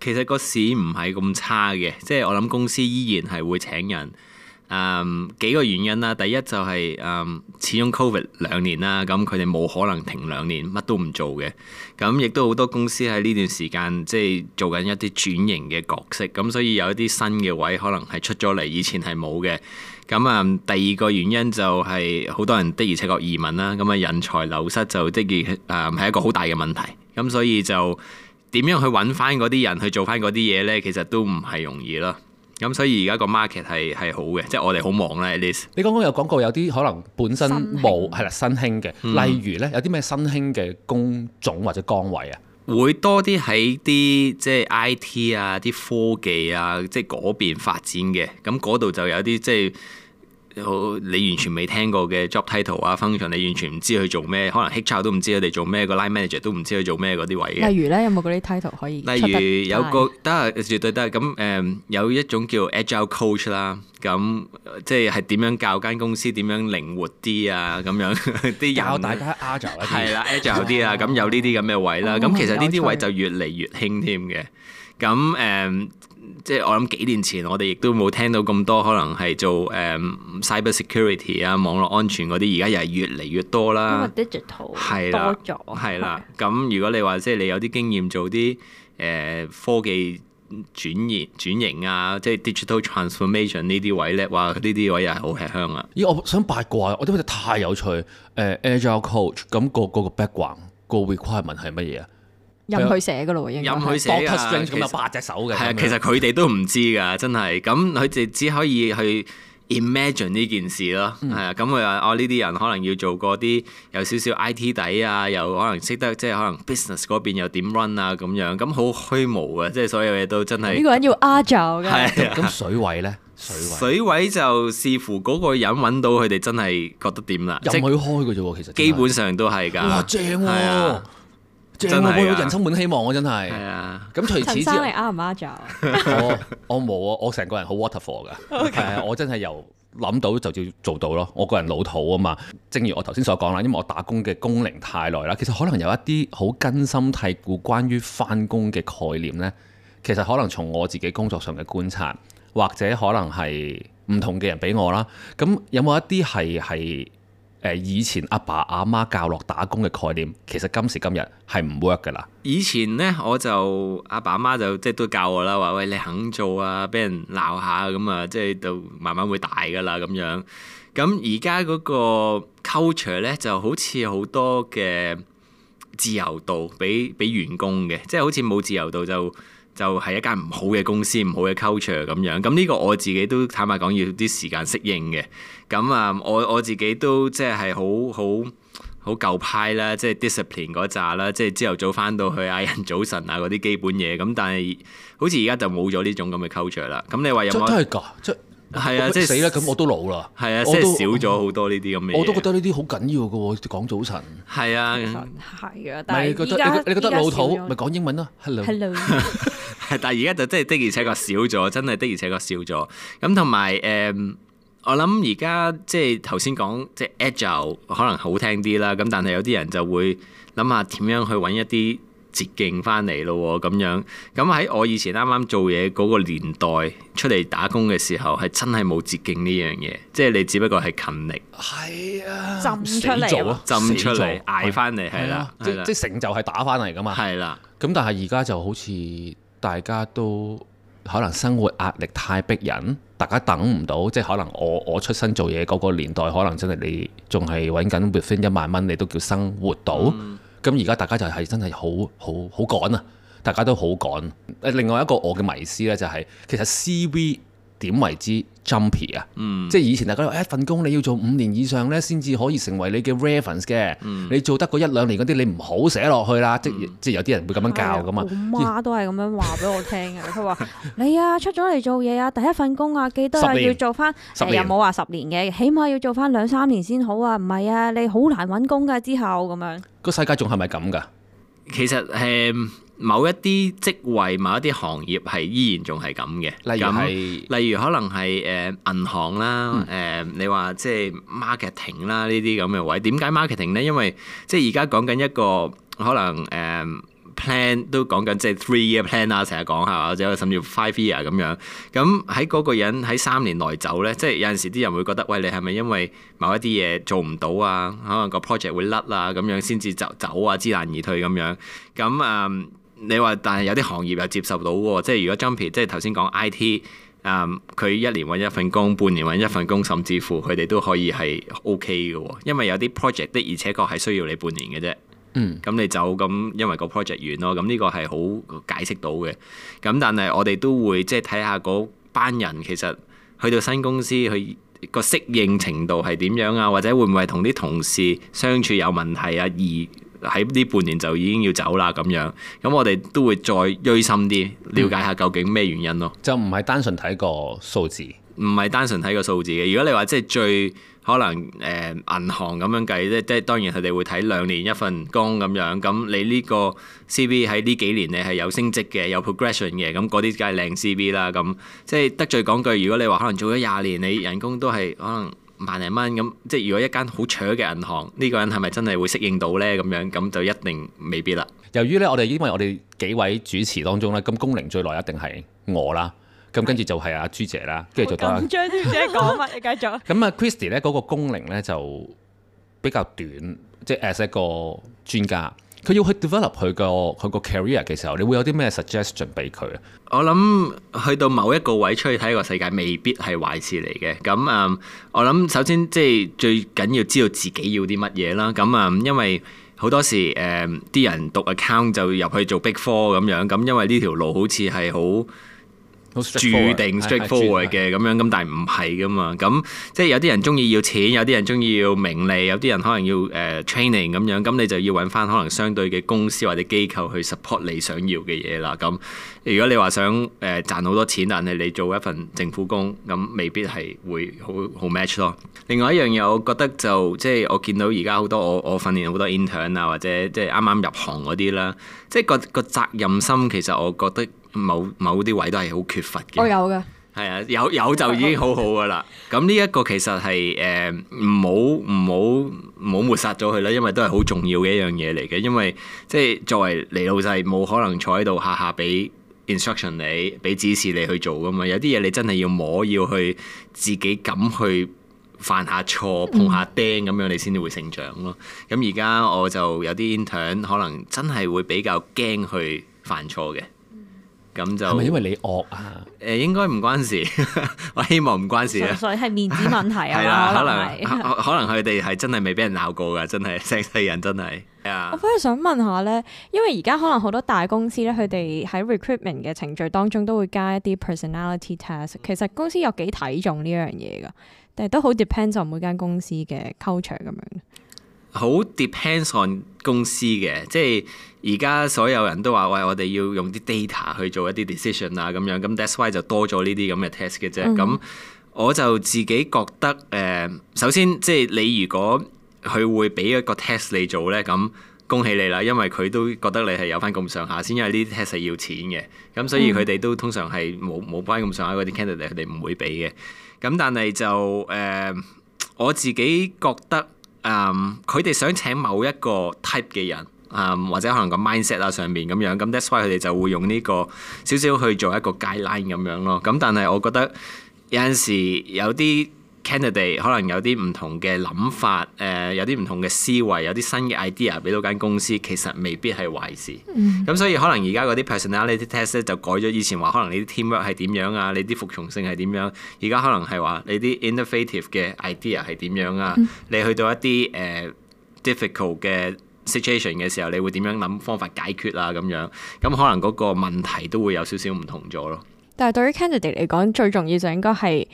其實個市唔係咁差嘅，即係我諗公司依然係會請人。誒、嗯、幾個原因啦，第一就係、是嗯、始終 COVID 兩年啦，咁佢哋冇可能停兩年乜都唔做嘅，咁、嗯、亦都好多公司喺呢段時間即係做緊一啲轉型嘅角色，咁、嗯、所以有一啲新嘅位可能係出咗嚟，以前係冇嘅。咁、嗯、啊，第二個原因就係、是、好多人的而且確移民啦，咁、嗯、啊人才流失就的而誒係一個好大嘅問題，咁、嗯、所以就點樣去揾翻嗰啲人去做翻嗰啲嘢呢？其實都唔係容易咯。咁所以而家個 market 係係好嘅，即係我哋好忙啦。at least。你剛剛有講過有啲
可能本身冇係啦新興嘅，例如咧有啲咩新興嘅工種或者崗位、嗯、啊？
會多啲喺啲即係 IT 啊、啲科技啊，即係嗰邊發展嘅。咁嗰度就有啲即係。好，你完全未聽過嘅 job title 啊，function，你完全唔知佢做咩，可能 HR 都唔知佢哋做咩，個 line manager 都唔知佢做咩嗰啲位嘅。例
如咧，有冇嗰啲 title 可以？例如得有個，
得絕對得。咁、嗯、誒，有一種叫 agile coach 啦、嗯，咁即係係點樣教間公司點樣靈活啲啊？咁樣啲教大家
agile 係啦，agile 啲
啊，咁 對對有呢啲咁嘅位啦。咁其實呢啲位就越嚟越興添嘅。咁、嗯、誒。嗯嗯即係我諗幾年前，我哋亦都冇聽到咁多，可能係做誒、um, cybersecurity 啊、網絡安全嗰啲，而家又係越嚟越多啦。digital 係啦，多咗係啦。咁的的如果你話即係你有啲經驗做啲誒、呃、科技轉型轉型啊，即係 digital transformation 呢啲位咧，哇！呢啲位又係好吃香啊。
咦！我想八卦，我覺得太有趣。誒、呃、agile coach 咁、個、個、個 background、個 requirement 係
乜嘢啊？
任佢寫噶咯喎，應該。Doctor Strange 咁有八
隻手嘅。係啊，其實佢哋都唔知㗎，真係。咁佢哋只可以去 imagine 呢件事咯。係啊，咁佢話我呢啲人可能要做過啲有少少 IT 底啊，又可能識得即係可能 business 嗰邊又點 run 啊咁樣。咁好虛無啊，即係所有嘢都真係。呢個
人要 urgent 嘅係啊。
咁水位咧？水
位。水位就視乎嗰個人揾到佢哋，真係覺得點啦。任佢開嘅啫喎，其實。基本上都係㗎。哇！正啊。
全有、啊、人
充滿希望真啊！真係，咁除此之外，陳生，
啱唔啱
我冇啊！我成個人好 waterfall 噶，係 Okay.、呃、我真係由諗到就要做到咯。我個人老土啊嘛，正如我頭先所講啦，因為我打工嘅工齡太耐啦。其實可能有一啲好根深蒂固關於返工嘅概念咧，其實可能從我自己工作上嘅觀察，或者可能係唔同嘅人俾我啦。咁有冇一啲係係？以前阿爸阿媽教落打工嘅概念，其實今時今日係唔 work 㗎啦。
以前呢，我就阿爸阿媽就即係都教我啦，話喂，你肯做啊，俾人鬧下咁啊，即係就慢慢會大㗎啦咁樣。咁而家嗰個 culture 呢，就好似好多嘅自由度俾俾員工嘅，即係好似冇自由度就。就係一間唔好嘅公司，唔好嘅 culture 咁樣。咁呢個我自己都坦白講，要啲時間適應嘅。咁啊，我我自己都即係好好好舊派啦，即係 discipline 嗰扎啦，即係朝頭早翻到去嗌人早晨啊嗰啲基本嘢。咁但係好似而家就冇咗呢種咁嘅 culture 啦。咁你話有冇？真係㗎？即係係啊！即係死啦！咁我都老啦。係啊，即係少咗好多呢啲咁嘅。我都覺
得呢啲好緊要㗎喎，講早晨。
係啊，係啊。
但係依家
你覺得老土咪講英文囉？Hello。但係而家就真係的而且確少咗，真係的而且確少咗。咁同埋誒，我諗而家即係頭先講即係 agile 可能好聽啲啦。咁但係有啲人就會諗下點樣去揾一啲捷徑翻嚟咯咁樣。咁喺我以前啱啱做嘢嗰個年代出嚟打工嘅時候，係真係冇捷徑呢樣嘢，即係你只不過係勤力，
係啊、哎，浸出嚟，
浸出嚟，捱翻嚟，係啦、哎哎，即成就係打
翻嚟噶嘛，係啦。咁但係而家就好似大家都可能生活壓力太逼人，大家等唔到，即係可能我我出身做嘢嗰個年代，可能真係你仲係揾緊月薪一萬蚊，你都叫生活到。咁而家大家就係真係好好好趕啊！大家都好趕啊。誒，另外一個我嘅迷思呢，就係，就係其實 CV。點為之 jumpy 啊、嗯？即係以前大家話：一、哎、份工你要做五年以上咧，先至可以成為你嘅 reference 嘅。嗯、你做得嗰一兩年嗰啲，你唔好寫落去啦。即、嗯、即係有啲人會咁樣教噶嘛。
哎、媽都係咁樣話俾我聽嘅。佢話：你啊，出咗嚟做嘢啊，第一份工啊，記得要做翻、呃。又冇話十年嘅，起碼要做翻兩三年先好啊。唔係啊，你好難揾工㗎。之後咁樣
個世界
仲係咪咁㗎？
其實誒。嗯某一啲職位、某一啲行業係依然仲係咁嘅，例如係，例如可能係誒、呃、銀行啦，誒、嗯呃、你話即係 marketing 啦這這 mark 呢啲咁嘅位。點解 marketing 咧？因為即係而家講緊一個可能誒、呃、plan 都講緊即係 three year plan 啊，成日講下，或者甚至 five year 咁樣。咁喺嗰個人喺三年內走咧，即係有陣時啲人會覺得，喂你係咪因為某一啲嘢做唔到啊？可能個 project 會甩啊咁樣，先至走走啊，知難而退咁樣。咁啊～、嗯你話，但係有啲行業又接受到喎，即係如果 jumpy，即係頭先講 I T，誒佢一年揾一份工，半年揾一份工，甚至乎佢哋都可以係 O K 嘅喎，因為有啲 project 的，而且確係需要你半年嘅啫。嗯，咁你就咁，因為個 project 完咯，咁呢個係好解釋到嘅。咁但係我哋都會即係睇下嗰班人其實去到新公司，佢個適應程度係點樣啊？或者會唔會同啲同事相處有問題啊？而喺呢半年就已經要走啦咁樣，咁我哋都會再追深啲，了解下究竟咩原因咯。就唔係單純睇個數字，唔係單純睇個數字嘅。如果你話即係最可能誒、呃、銀行咁樣計，即即係當然佢哋會睇兩年一份工咁樣。咁你呢個 CV 喺呢幾年你係有升職嘅，有 progression 嘅，咁嗰啲梗係靚 CV 啦。咁即係得罪講句，如果你話可能做咗廿年，你人工都係可能。萬零蚊咁，即係如果一間好搶嘅銀行，呢個人係咪真係會適應到呢？咁樣咁就一定未必啦。由於呢，我哋因為我哋幾位主持當中呢，咁工齡最耐一定係我啦，咁
跟住就係阿朱姐啦，跟住的就張
小姐講啊，你繼續。
咁啊，Christy 呢，嗰個工齡呢就比較短，即係 as 一個專家。佢要去 develop 佢
個佢個 career 嘅時候，你會有啲咩 suggestion 俾佢啊？我諗去到某一個位出去睇個世界，未必係壞事嚟嘅。咁啊、嗯，我諗首先即係最緊要知道自己要啲乜嘢啦。咁啊、嗯，因為好多時誒啲、嗯、人讀 account 就入去做 big four 咁樣，咁因為呢條路好似係好。No, 注定 straightforward 嘅咁、yes, yes , yes. 樣，咁但係唔係噶嘛？咁即係有啲人中意要錢，有啲人中意要名利，有啲人可能要誒、uh, training 咁樣，咁你就要揾翻可能相對嘅公司或者機構去 support 你想要嘅嘢啦。咁如果你話想誒、呃、賺好多錢，但係你做一份政府工，咁未必係會好好 match 咯。另外一樣嘢，我覺得就即係我見到而家好多我我訓練好多 intern 啊，或者即係啱啱入行嗰啲啦，即係個個責任心其實我覺得。某某啲位都係好缺乏嘅。我有嘅。係啊，有有就已經好好㗎啦。咁呢一個其實係誒唔好唔好唔好抹殺咗佢啦，因為都係好重要嘅一樣嘢嚟嘅。因為即係作為你老細，冇可能坐喺度下下俾 instruction 你，俾指示你去做噶嘛。有啲嘢你真係要摸，要去自己敢去犯下錯，碰下釘咁樣，你先至會成長咯。咁而家我就有啲 intern 可能真係會比較驚去犯錯嘅。咁就係咪因為你惡啊？誒應該唔關事， 我希望唔關事啊！純
粹係面子問題
啊， 的可能
可能佢哋係真係未俾人鬧過噶，真係成世人真係。我反
而想問下咧，因為而家可能好多大公司咧，佢哋喺 recruitment 嘅程序當中都會加一啲 personality test。其實公司有幾睇重呢樣嘢噶？但係都好 depends on 每間公司嘅 culture 咁樣。
好 depends on。公司嘅，即係而家所有人都話：喂，我哋要用啲 data 去做一啲 decision 啊，咁樣咁。That's why 就多咗呢啲咁嘅 test 嘅啫。咁、嗯、我就自己覺得，誒、呃，首先即係你如果佢會俾一個 test 你做呢，咁恭喜你啦，因為佢都覺得你係有翻咁上下先。因為呢啲 test 係要錢嘅，咁所以佢哋都通常係冇冇翻咁上下嗰啲 candidate，佢哋唔會俾嘅。咁但係就誒、呃，我自己覺得。佢哋、um，想請某一個 type 嘅人，um，或者可能個 mindset 啊上面咁樣，咁 that's why 佢哋就會用呢個少少去做一個 guideline 咁樣咯。咁但係我覺得有陣時有啲。Candidate 可能有啲唔同嘅諗法，誒有啲唔同嘅思維，有啲新嘅 idea 俾到間公司，其實未必係壞事。咁、mm hmm. 嗯、所以可能而家嗰啲 personality test 就改咗，以前話可能你啲 teamwork 係點樣啊，你啲服從性係點樣，而家可能係話你啲 innovative 嘅 idea 係點樣啊，你，樣啊 mm hmm. 你去到一啲誒、呃、difficult 嘅 situation 嘅時候，你會點樣諗方法解決啊咁樣，咁、嗯、可能嗰個問題都會有少少唔同咗咯。
但係對於 candidate 嚟講，最重要就應該係。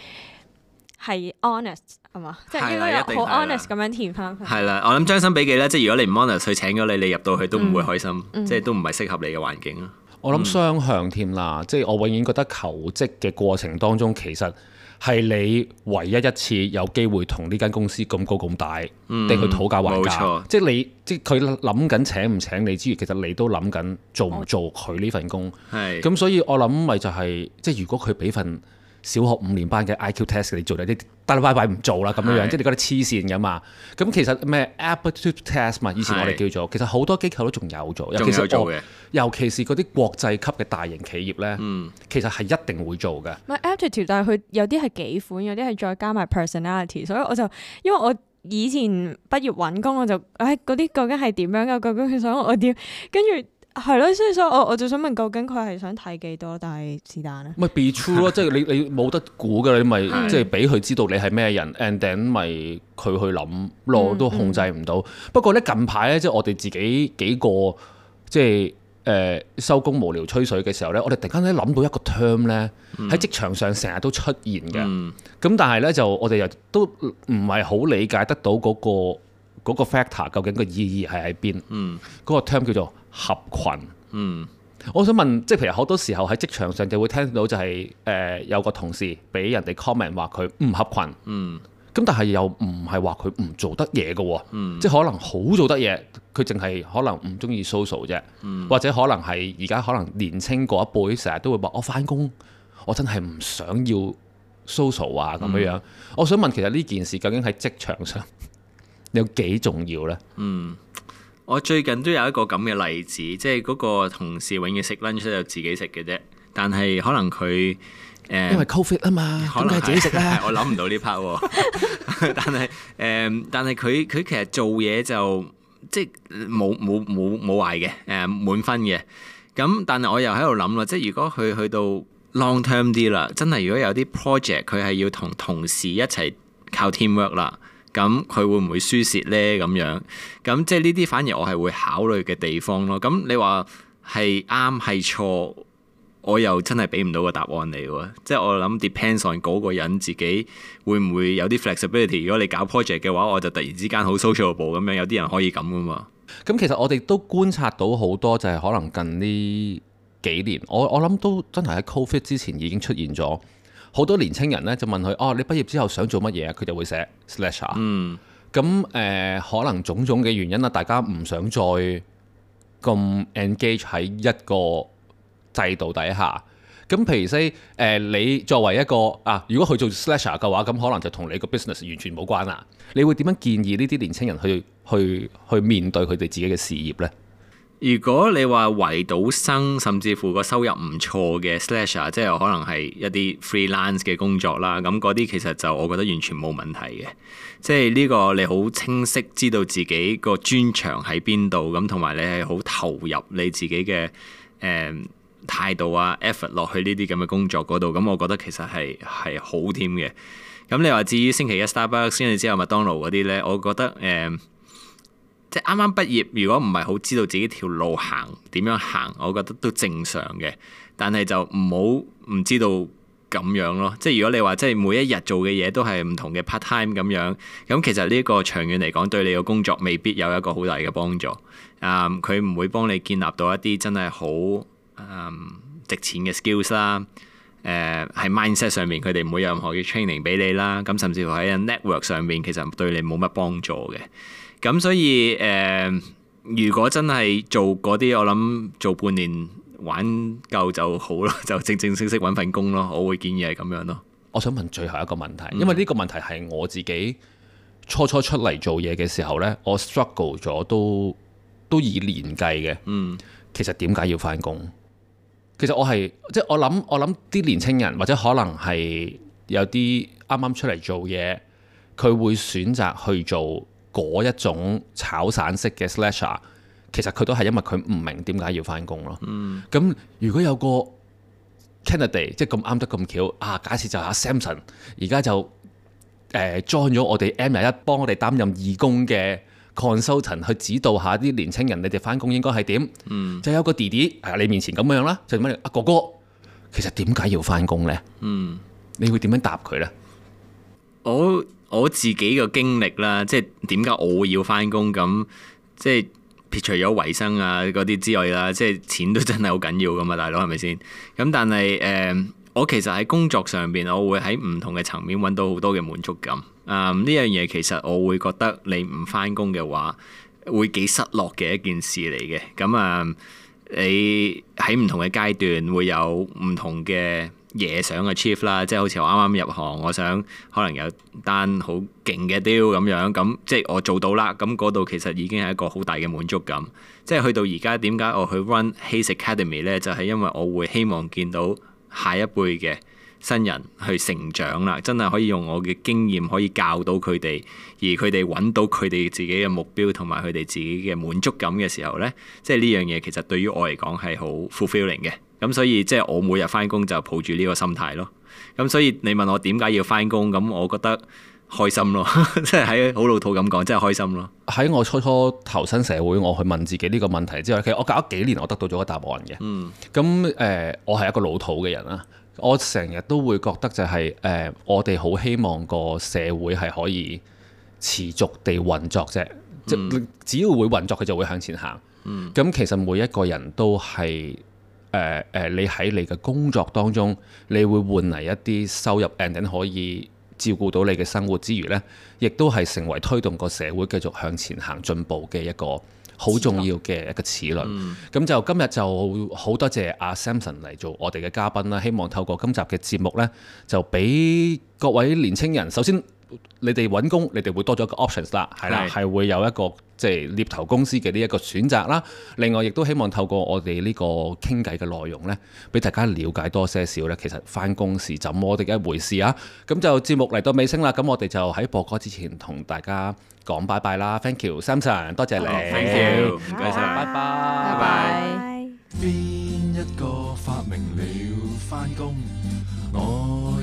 係 honest 係嘛？即係應該有好 honest 咁樣填翻佢。
係啦，我諗將心比己啦，即係如果你唔 honest，佢請咗你，你入到去都唔會開心，即係都唔係適合你嘅環境啦。我諗雙向添啦，即係我永遠覺得求職嘅過
程當中，其實係你唯一一次有機會同呢間公司咁高咁大，定佢、嗯、討價還價。冇錯，即係你即係佢諗緊請唔請你之餘，其實你都諗緊做唔做佢呢份工。係、嗯。咁所以我諗咪就係、是，即係如果佢俾份。小學五年班嘅 IQ test 你做啦，你但係 Y Y 唔做啦咁樣樣，是的 即係你覺得黐線噶嘛？咁其實咩 aptitude test 嘛，以前我哋叫做，其實好多機構都仲有做，做嘅，尤其是嗰啲國際級嘅大型企業咧，嗯、其實係一定會做嘅。
咪 aptitude，但係佢有啲係幾款，有啲係再加埋 personality，所以我就因為我以前畢業揾工，我就唉嗰啲究竟係點樣嘅，究竟佢想我點，跟住。係咯，所以所以我我就想問，究竟佢係想睇幾多？但係是但啊？
咪 be true 咯，即係你你冇得估噶，你咪即係俾佢知道你係咩人，ending 咪佢去諗咯，都控制唔到。嗯嗯、不過咧，近排咧，即係我哋自己幾個即係誒收工無聊吹水嘅時候咧，我哋突然間咧諗到一個 term 咧、嗯，喺職場上成日都出現嘅，咁、嗯嗯、但係咧就我哋又都唔係好理解得到嗰個。嗰個 factor 究竟個意義係喺邊？嗯，嗰個 term 叫做合群。嗯，我想問，即係譬如好多時候喺職場上就會聽到就係誒有個同事俾人哋 comment 話佢唔合群。嗯，咁但係又唔係話佢唔做得嘢嘅喎。嗯，即係可能好做得嘢，佢淨係可能唔中意 social 啫。嗯，或者可能係而家可能年青嗰一輩成日都會話我翻工，我真係唔想要 social 啊咁樣樣。我想問，其實呢件事究竟喺職場上，
有幾重要呢？嗯，我最近都有一個咁嘅例子，即係嗰個同事永遠食 lunch 就自己食嘅啫。但係可能佢、呃、因為
cofit 啊嘛，可能係自己食啦。我諗唔
到呢 part 喎。但係誒，但係佢佢其實做嘢就即係冇冇冇冇壞嘅誒、呃、滿分嘅。咁但係我又喺度諗啦，即係如果佢去到 long term 啲啦，真係如果有啲 project 佢係要同同事一齊靠 teamwork 啦。咁佢會唔會輸蝕呢？咁樣，咁即係呢啲反而我係會考慮嘅地方咯。咁你話係啱係錯，我又真係俾唔到個答案你喎。即係我諗 depends on 嗰個人自己會唔會有啲 flexibility。如果你搞 project 嘅話，我就突然之間好 sociable 咁樣，有啲人可以咁噶嘛。咁其實我哋都觀察到好多，就
係、是、可能近呢幾年，我我諗都真係喺 Covid 之前已經出現咗。好多年青人咧就問佢：哦，你畢業之後想做乜嘢？佢就會寫 slasher。咁誒、嗯呃，可能種種嘅原因啦，大家唔想再咁 engage 喺一個制度底下。咁譬如、呃、你作為一個啊，如果佢做 slasher 嘅話，咁可能就同你個 business 完全冇關啦。你會點樣建
議呢啲年青人去去去面對佢哋自己嘅事業呢？如果你話維到生，甚至乎個收入唔錯嘅 slash、啊、即係可能係一啲 freelance 嘅工作啦，咁嗰啲其實就我覺得完全冇問題嘅。即係呢個你好清晰知道自己個專長喺邊度，咁同埋你係好投入你自己嘅誒態度啊 effort 落去呢啲咁嘅工作嗰度，咁我覺得其實係係好添嘅。咁你話至於星期一 Starbucks，先至之後麥當勞嗰啲呢，我覺得誒。呃即係啱啱畢業，如果唔係好知道自己條路行點樣行，我覺得都正常嘅。但係就唔好唔知道咁樣咯。即係如果你話即係每一日做嘅嘢都係唔同嘅 part time 咁樣，咁其實呢個長遠嚟講對你嘅工作未必有一個好大嘅幫助。誒、嗯，佢唔會幫你建立到一啲真係好、嗯、值錢嘅 skills 啦。誒、呃，喺 mindset 上面，佢哋唔會有任何嘅 training 俾你啦。咁甚至乎喺 network 上面，其實對你冇乜幫助嘅。咁所以誒、呃，如果真係做嗰啲，我諗做半年玩夠就好咯，就正正式式揾份工咯，我會建議係咁樣咯。我想問最後一個問題，因為呢個問題係我自己初初出
嚟做嘢嘅時候呢，我 struggle 咗都都以年計嘅。嗯，其實點解要返工？其實我係即係我諗我諗啲年青人或者可能係有啲啱啱出嚟做嘢，佢會選擇去做，嗰一種炒散式嘅 slasher，其實佢都係因為佢唔明點解要返工咯。咁、嗯、如果有個 candidate，即係咁啱得咁巧啊，假設就係 Samson 而家就誒 join 咗我哋 M 廿一，幫我哋擔任義工嘅 consultant 去指導下啲年青人，你哋返工應該係點？嗯、就有一個弟弟喺你面前咁樣啦，就問你：阿、啊、哥哥，其實點解要返工咧？
嗯、
你會點樣答佢咧？
我我自己嘅經歷啦，即係點解我要返工咁？即係撇除咗衞生啊嗰啲之外啦，即係錢都真係好緊要㗎嘛，大佬係咪先？咁但係誒、呃，我其實喺工作上面，我會喺唔同嘅層面搵到好多嘅滿足感。嗯、呃，呢樣嘢其實我會覺得你唔返工嘅話，會幾失落嘅一件事嚟嘅。咁、呃、啊～你喺唔同嘅階段會有唔同嘅嘢想嘅 achieve 啦，即係好似我啱啱入行，我想可能有單好勁嘅 deal 咁樣，咁即係我做到啦，咁嗰度其實已經係一個好大嘅滿足感。即係去到而家，點解我去 run his academy 咧？就係因為我會希望見到下一輩嘅新人去成長啦，真係可以用我嘅經驗可以教到佢哋，而佢哋揾到佢哋自己嘅目標同埋佢哋自己嘅滿足感嘅時候呢，即係呢樣嘢其實對於我嚟講係好 fulfilling 嘅。咁所以即係我每日返工就抱住呢個心態咯。咁所以你問我點解要返工，咁我覺得開心咯，即係喺好老土咁講，即係開心咯。喺我初初投身社會，我去問自己呢個問題之後，其實我搞咗幾年，我
得到咗一個答案嘅。嗯。咁、呃、誒，我係一個老土嘅人啦。我成日都會覺得就係、是、誒、呃，我哋好希望個社會係可以持續地運作啫。即只要會運作，佢就會向前行。咁、嗯、其實每一個人都係誒誒，你喺你嘅工作當中，你會換嚟一啲收入，ending 可以照顧到你嘅生活之餘呢，亦都係成為推動個社會繼續向前行進步嘅一個。好重要嘅一個齒輪，咁、嗯、就今日就好多謝阿 Samson 嚟做我哋嘅嘉賓啦。希望透過今集嘅節目呢，就俾各位年青人首先。你哋揾工，你哋會多咗一個 options 啦，係啦，係會有一個即係獵頭公司嘅呢一個選擇啦。另外，亦都希望透過我哋呢個傾偈嘅內容呢，俾大家了解多些少呢其實返工係怎麼嘅一回事啊？咁就節目嚟到尾聲啦，咁我哋就喺播歌之前同大家講拜拜啦，Thank you，Samson，多謝你，Thank you，唔該晒。拜
拜，拜拜。
邊一個發明了返工？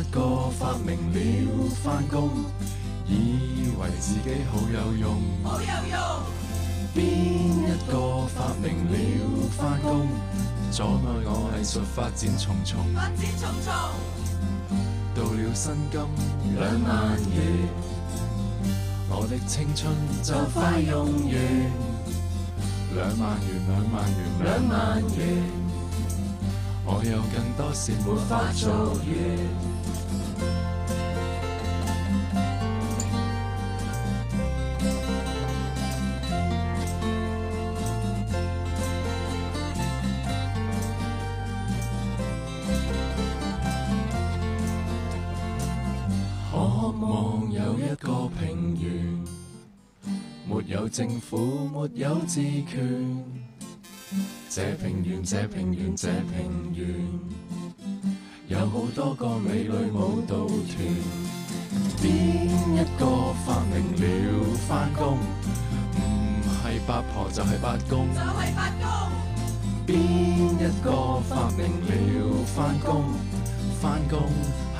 一個發明了返工，以為自己有好有用。好有用。
邊一個
發明了返工，阻礙我藝術發展重重。發展重重。到了薪金兩萬元，我的青春就快用完。兩萬元，兩萬元，兩萬元。萬我有更多事沒法做完。政府沒有自權，這平原這平原這平原，有好多個美女舞蹈團，邊一個發明了返工？唔係、嗯、八婆就係八公，就係八公。邊一個發明了返工？返工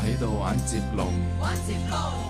喺度玩接龍，玩接龍。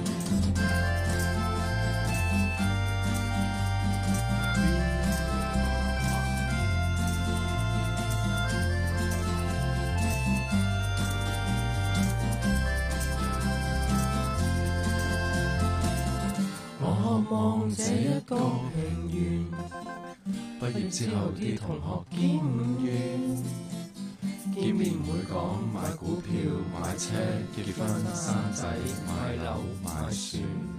平原，畢業之後啲同學見面，見面會講買股票、買車、結婚、生仔、買樓、買船。